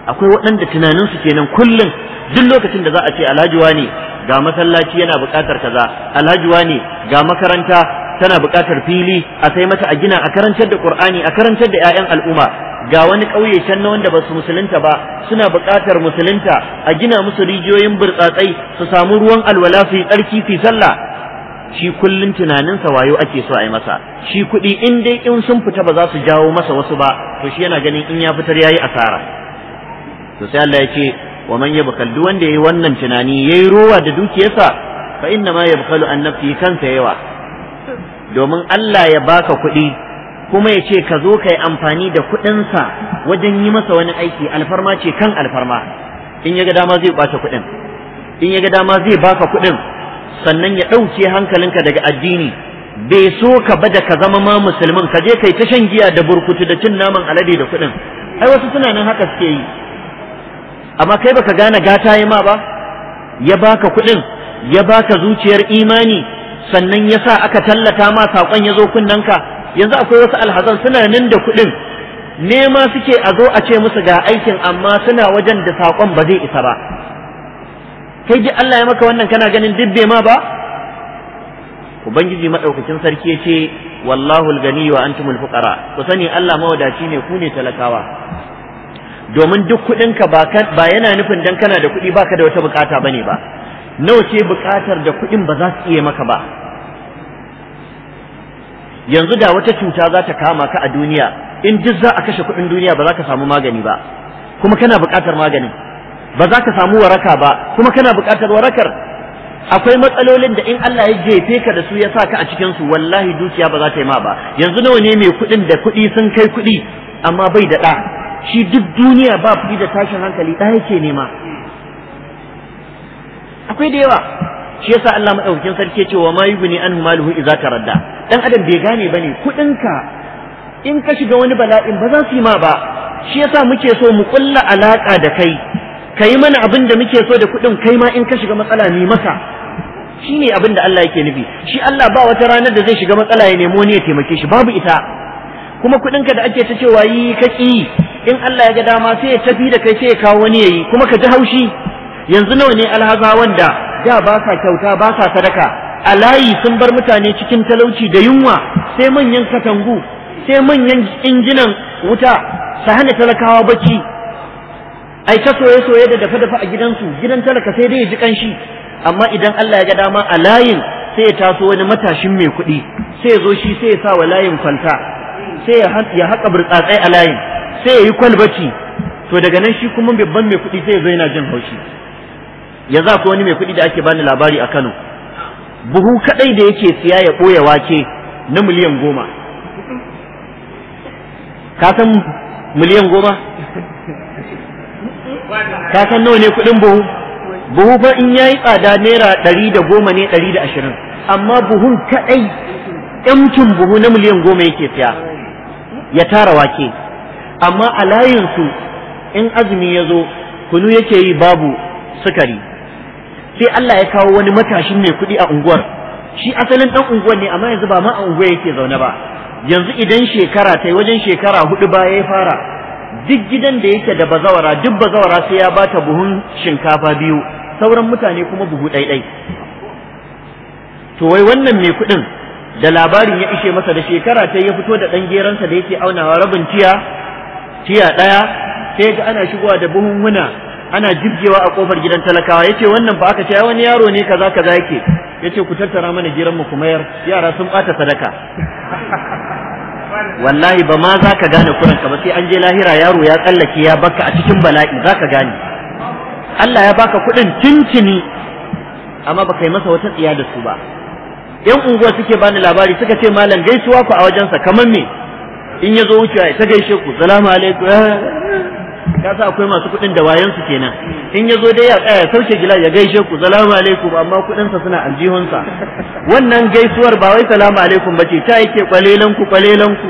akwai waɗanda tunanin su kenan kullum duk lokacin da za a ce alhaji wani ga masallaci yana buƙatar kaza alhaji wani ga makaranta tana buƙatar fili a sai mata a gina a karantar da Qur'ani a karantar da 'ya'yan al'umma ga wani ƙauye can na wanda ba su musulunta ba suna buƙatar musulunta a gina musu rijiyoyin burtsatsai su samu ruwan alwala su yi tsarki su sallah shi kullun tunaninsa wayo ake so a yi masa shi kuɗi in dai in sun fita ba za su jawo masa wasu ba to shi yana ganin in ya fitar yayi asara to sai Allah ya ce wa man yabkal duk wanda yayi wannan tunani yayi rowa da dukiyarsa fa inna ma yabkalu an nafsi kansa yawa domin Allah ya baka kuɗi kuma ya ce ka zo ka yi amfani da kuɗinsa wajen yi masa wani aiki alfarma ce kan alfarma in ya ga dama zai ɓace kuɗin in ya ga dama zai baka kuɗin sannan ya ɗauke hankalinka daga addini bai so ka bada ka zama ma musulmin ka je kai ta shan giya da burkutu da cin naman alade da kuɗin ai wasu suna nan haka suke yi amma kai baka gane gata ma ba ya baka kuɗin ya baka zuciyar imani sannan ya sa aka tallata ma saƙon ya zo ka yanzu akwai wasu alhazan suna nan da kuɗin nema suke a zo a ce musu ga aikin amma suna wajen da saƙon ba zai isa ba kai ji Allah ya maka wannan kana ganin dibbe ma ba ubangiji madaukakin sarki ya ce wallahul gani wa antumul fuqara ku sani Allah mawadaci ne ku ne talakawa domin duk kuɗinka ba yana nufin dan kana da kuɗi baka da wata bukata bane ba nawa ce bukatar da kuɗin ba za su iya maka ba yanzu da wata cuta za ta kama ka a duniya in duk za a kashe kuɗin duniya ba za ka samu magani ba kuma kana buƙatar magani? ba za ka samu waraka ba kuma kana buƙatar warakar akwai matsalolin da in Allah ya jefe ka da su ya sa ka a cikin su wallahi dukiya ba za ta yi ma ba yanzu nawa ne mai kuɗin da kuɗi sun kai kuɗi amma bai da ɗa shi duk duniya ba kuɗi da tashin hankali ɗa yake nema akwai da yawa shi yasa Allah madaukakin sarki ya ce wa ma yubni anhu maluhu idza taradda dan adam bai gane bane kudinka in ka shiga wani bala'in ba za su yi ma ba shi yasa muke so mu kulla alaka da kai kai mana abin da muke so da kudin kai ma in ka shiga matsala ni maka shi ne abin da Allah yake nufi shi Allah ba wata ranar da zai shiga matsala ya nemo ne ya taimake shi babu ita kuma kuɗinka da ake ta cewa yi ka ki in Allah ya ga dama sai ya tafi da kai sai ya kawo wani yayi kuma ka ji haushi yanzu nawa ne alhaza wanda da ba sa kyauta ba sa sadaka a layi sun bar mutane cikin talauci da yunwa sai manyan katangu sai manyan injinan wuta su hana talakawa bacci ai ta soye soye da dafa dafa a gidansu gidan talaka sai dai ya ji kanshi amma idan Allah ya ga dama a layin sai ya taso wani matashin mai kuɗi sai ya zo shi sai ya sa wa layin kwanta sai ya haƙa burtsatsai a layin sai ya yi kwalbaci to daga nan shi kuma babban mai kuɗi sai ya zo yana jin haushi yanzu akwai wani mai kuɗi da ake bani labari a Kano buhu kadai da yake siya ya ɓoye wake na miliyan goma ka san miliyan goma ka san nawa ne kuɗin buhu buhu fa in yayi tsada naira ɗari da goma ne ɗari da ashirin amma buhun kadai ɗamkin buhu na miliyan goma yake siya ya tara wake amma a layinsu in azumi ya zo kunu yake yi babu sukari sai Allah ya kawo wani matashin mai kuɗi a unguwar shi asalin ɗan unguwar ne amma yanzu ba ma a unguwar yake zaune ba yanzu idan shekara ta yi wajen shekara hudu baya ya fara duk gidan da yake da bazawara duk bazawara sai ya bata buhun shinkafa biyu sauran mutane kuma buhu ɗaiɗai to wai wannan mai kuɗin da labarin ya ishe masa da shekara ta ya fito da ɗan geransa da yake aunawa rabin tiya tiya ɗaya sai ga ana shigowa da buhun muna ana jibgewa a kofar gidan talakawa yace wannan ba aka ce ai wani yaro ne kaza kaza yake yace ku tattara mana giran mu kuma yar yara sun bata sadaka wallahi ba ma za ka gane ka ba sai an je lahira yaro ya tsallake ya baka a cikin bala'i za ka gane Allah ya baka kuɗin tintini amma baka yi masa wata tsiya da su ba yan unguwa suke bani labari suka ce malam gaisuwa ku a wajensa kamar me in ya zo wucewa ya ta gaishe ku salamu alaikum ka sa akwai masu kuɗin da wayansu kenan in ya zo dai ya tsaya sauke gila ya gaishe ku salamu alaikum amma kuɗinsa suna aljihunsa wannan gaisuwar ba wai salamu alaikum ba ce ta yake kwalelan ku kwalelan ku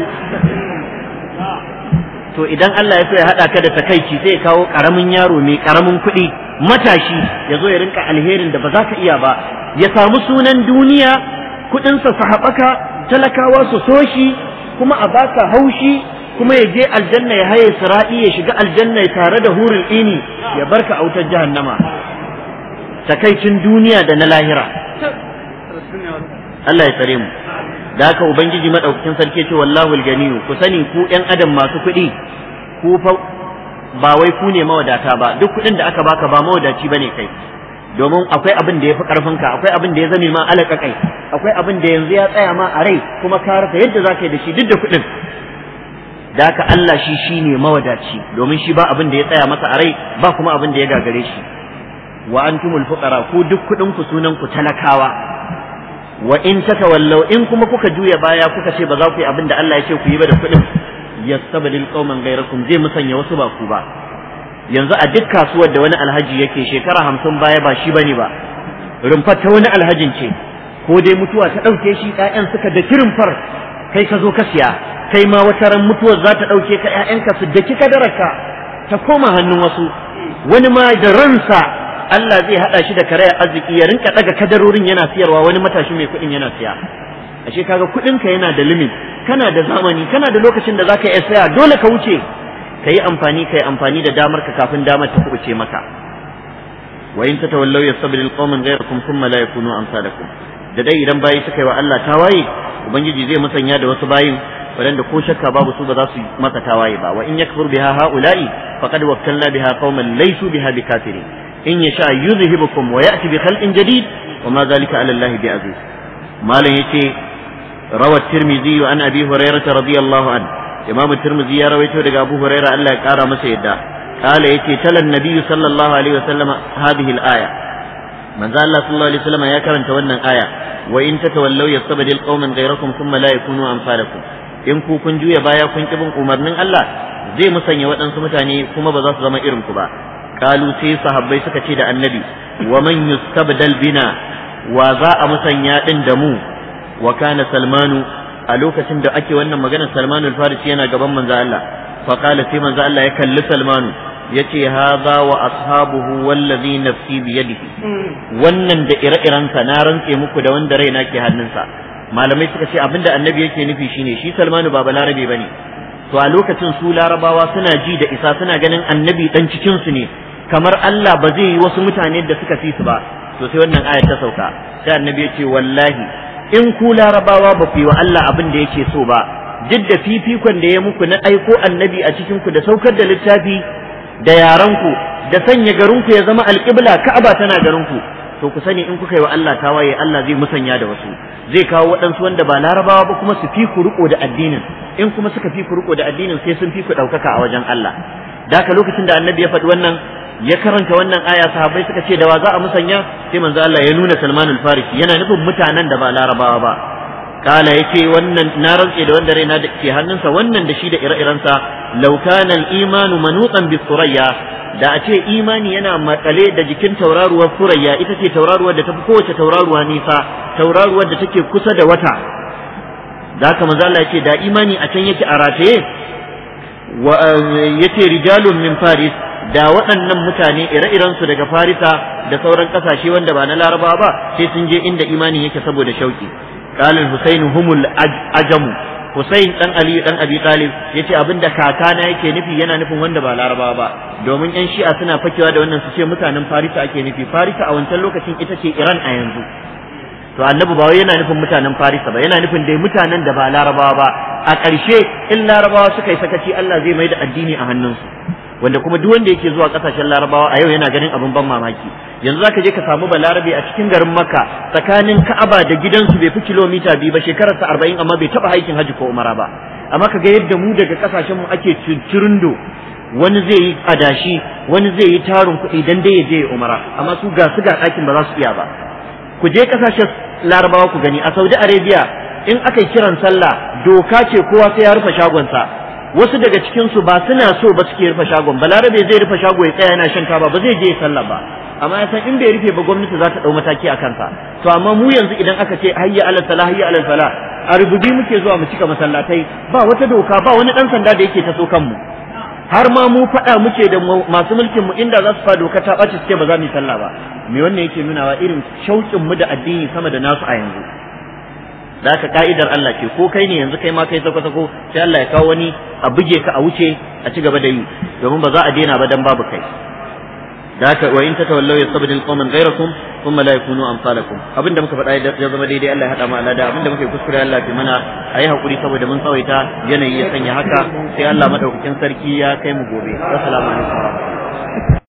to idan Allah ya so ya haɗa ka da takaici sai kawo ƙaramin yaro mai ƙaramin kuɗi matashi ya zo ya rinka alherin da ba za ka iya ba ya samu sunan duniya kuɗinsa su haɓaka talakawa su so kuma a baka haushi kuma ya je aljanna ya haye siradi ya shiga aljanna tare da hurul ini ya barka a wutar jahannama takaicin duniya da na lahira Allah ya tsare mu da haka ubangiji madaukakin sarki ce wallahu aljaniyu ku sani ku yan adam masu kuɗi ku fa ba wai ku ne mawadata ba duk kuɗin da aka baka ba mawadaci bane kai domin akwai abin da ya fi ƙarfinka akwai abin da ya zame ma alaƙa kai akwai abin da yanzu ya tsaya ma a rai kuma ka rasa yadda za yi da shi duk da kuɗin da haka Allah shi shine mawadaci domin shi ba abin da ya tsaya masa a rai ba kuma abin da ya gagare shi wa antumul fuqara ku duk kudin ku sunan ku talakawa wa in tatawallaw in kuma kuka juya baya kuka ce ba za ku yi abin da Allah ya ce ku yi ba da kudin yastabdil qauman ghayrakum zai musanya wasu ba ku ba yanzu a duk kasuwar da wani alhaji yake shekara hamsin baya ba shi bane ba rumfar ta wani alhajin ce ko dai mutuwa ta ɗauke shi 'ya'yan suka da rumfar kai ka zo ka siya kai ma wata ran mutuwar za ta ɗauke ka ‘ya'yanka su daki kadararka ta koma hannun wasu wani ma da ransa Allah zai haɗa shi da karayar arziki ya rinka ɗaga kadarorin yana siyarwa wani matashi mai kuɗin yana siya ashe kaga kuɗinka yana da limit kana da zamani kana da lokacin da zaka iya saya dole ka wuce ka yi amfani ka yi amfani da damar ka kafin damar ta kuɓuce maka wa in tatawallaw yastabdil qauman ghayrakum thumma la yakunu amsalakum da dai idan bayi suka yi wa Allah tawaye ubangiji zai musanya da wasu bayin waɗanda ko shakka babu su ba za su masa tawaye ba wa in yakfur biha haula'i faqad wakkalna biha qauman laysu biha bikafirin in yasha yuzhibukum wa ya'ti bi khalqin jadid wa ma zalika 'ala Allah bi aziz malam yace rawa tirmidhi wa an abi hurairah radiyallahu an imam tirmidhi ya rawaito daga abu hurairah Allah ya kara masa yadda قال يتي تلا النبي صلى الله عليه وسلم هذه الآية manzo Allah sallallahu ya karanta wannan aya wa in tatawallaw yastabdil qauman ghayrakum thumma la da ku. in ku kun juya baya kun ki bin umarnin Allah zai musanya waɗansu mutane kuma ba za su zama irin ku ba kalu sai sahabbai suka ce da annabi wa man yustabdal bina wa za a musanya din da mu Wakana salmanu a lokacin da ake wannan maganar salmanu al-farisi yana gaban manza Allah fa sai manzo Allah ya kalli salmanu yace haza wa ashabuhu wallazi nafsi biyadihi mm. wannan da ire-irensa na rantse muku da wanda raina ke hannunsa malamai suka ce abinda annabi yake nufi shine shi Salmanu ba balarabe bane to a lokacin su larabawa suna ji da isa suna ganin annabi dan cikin su ne kamar Allah ba zai yi wasu mutane da suka fi su ba to sai wannan ayar ta sauka sai annabi yace wallahi in ku larabawa ba ku yi wa Allah abin da yake so ba duk da fifikon da ya muku na aiko annabi a cikin ku da saukar da littafi da yarenku da sanya garinku ya zama alƙibla ka'aba tana garinku to ku sani in kuka yi wa Allah tawaye Allah zai musanya da wasu zai kawo waɗansu wanda ba larabawa ba kuma su fi ku riko da addinin in kuma suka fi ku riko da addinin sai sun fi ku ɗaukaka a wajen Allah da haka lokacin da annabi ya faɗi wannan ya karanta wannan aya sahabbai suka ce da wa za a musanya sai manzo Allah ya nuna Salman al-Farisi yana nufin mutanen da ba larabawa ba kala yace wannan na rantse da wanda raina ke hannunsa wannan da shi da ire-irensa law kana al-imanu manutan bi surayya da a ce imani yana makale da jikin tauraruwar surayya ita ce tauraruwar da tafi kowace tauraruwa nisa tauraruwar da take kusa da wata da haka manzo Allah yake da imani a can yake a rataye wa um, yace rijalun min faris da waɗannan mutane ire-irensu daga farisa da sauran ƙasashe wanda ba na laraba ba sai sun je inda imani yake saboda shauki قال الحسين هم humul ajamu دان dan دان dan طالب يتي yace abinda kakana yake nufi yana nufin wanda ba Laraba ba domin yan Shi'a suna fakewa da wannan su ce mutanen Farisa ake nufi Farisa a wancan lokacin ita ce Iran a yanzu to Annabi ba yana nufin mutanen Farisa ba yana nufin dai mutanen da ba Laraba ba a ƙarshe in Larabawa suka yi sakaci Allah zai mai da addini a hannunsu wanda kuma duk wanda yake zuwa kasashen larabawa a yau yana ganin abin ban mamaki yanzu zaka je ka samu balarabe a cikin garin Makka tsakanin ka'aba da gidansu bai fi kilomita biyu ba shekarar sa arba'in amma bai taba aikin haji ko umara ba amma ka ga yadda mu daga kasashen mu ake cincirindo wani zai yi adashi wani zai yi tarin kuɗi dan dai ya je ya umara amma su ga su ga ɗakin ba za su iya ba ku je kasashen larabawa ku gani a saudi arabia in aka kiran sallah doka ce kowa sai ya rufe shagonsa wasu daga cikin su ba suna so ba suke rufe shagon balarabe zai rufe shago ya tsaya yana shan taba ba zai je ya sallah ba amma ya san in bai rufe ba gwamnati za ta dau mataki a kansa to amma mu yanzu idan aka ce hayya alal salah hayya alal salah a rububi muke zuwa mu cika masallatai ba wata doka ba wani dan sanda da yake taso kanmu har ma mu faɗa muke da masu mulkin mu inda za su fa doka ta ɓaci suke ba za mu yi sallah ba me wannan yake nunawa irin shauƙin mu da addini sama da nasu a yanzu da haka ka'idar Allah ce ko kai ne yanzu kai ma kai sako sako sai Allah ya kawo wani a buge ka a wuce a ci gaba da yi domin ba za a daina ba dan babu kai da haka wa in tatawallaw yastabdil qawman ghayrakum thumma la yakunu amsalakum abinda muka faɗa ya zama daidai Allah ya hada mu alada abinda muka kuskure Allah ya mana ayi hakuri saboda mun tsawaita yanayi ya sanya haka sai Allah madaukakin sarki ya kai mu gobe assalamu alaikum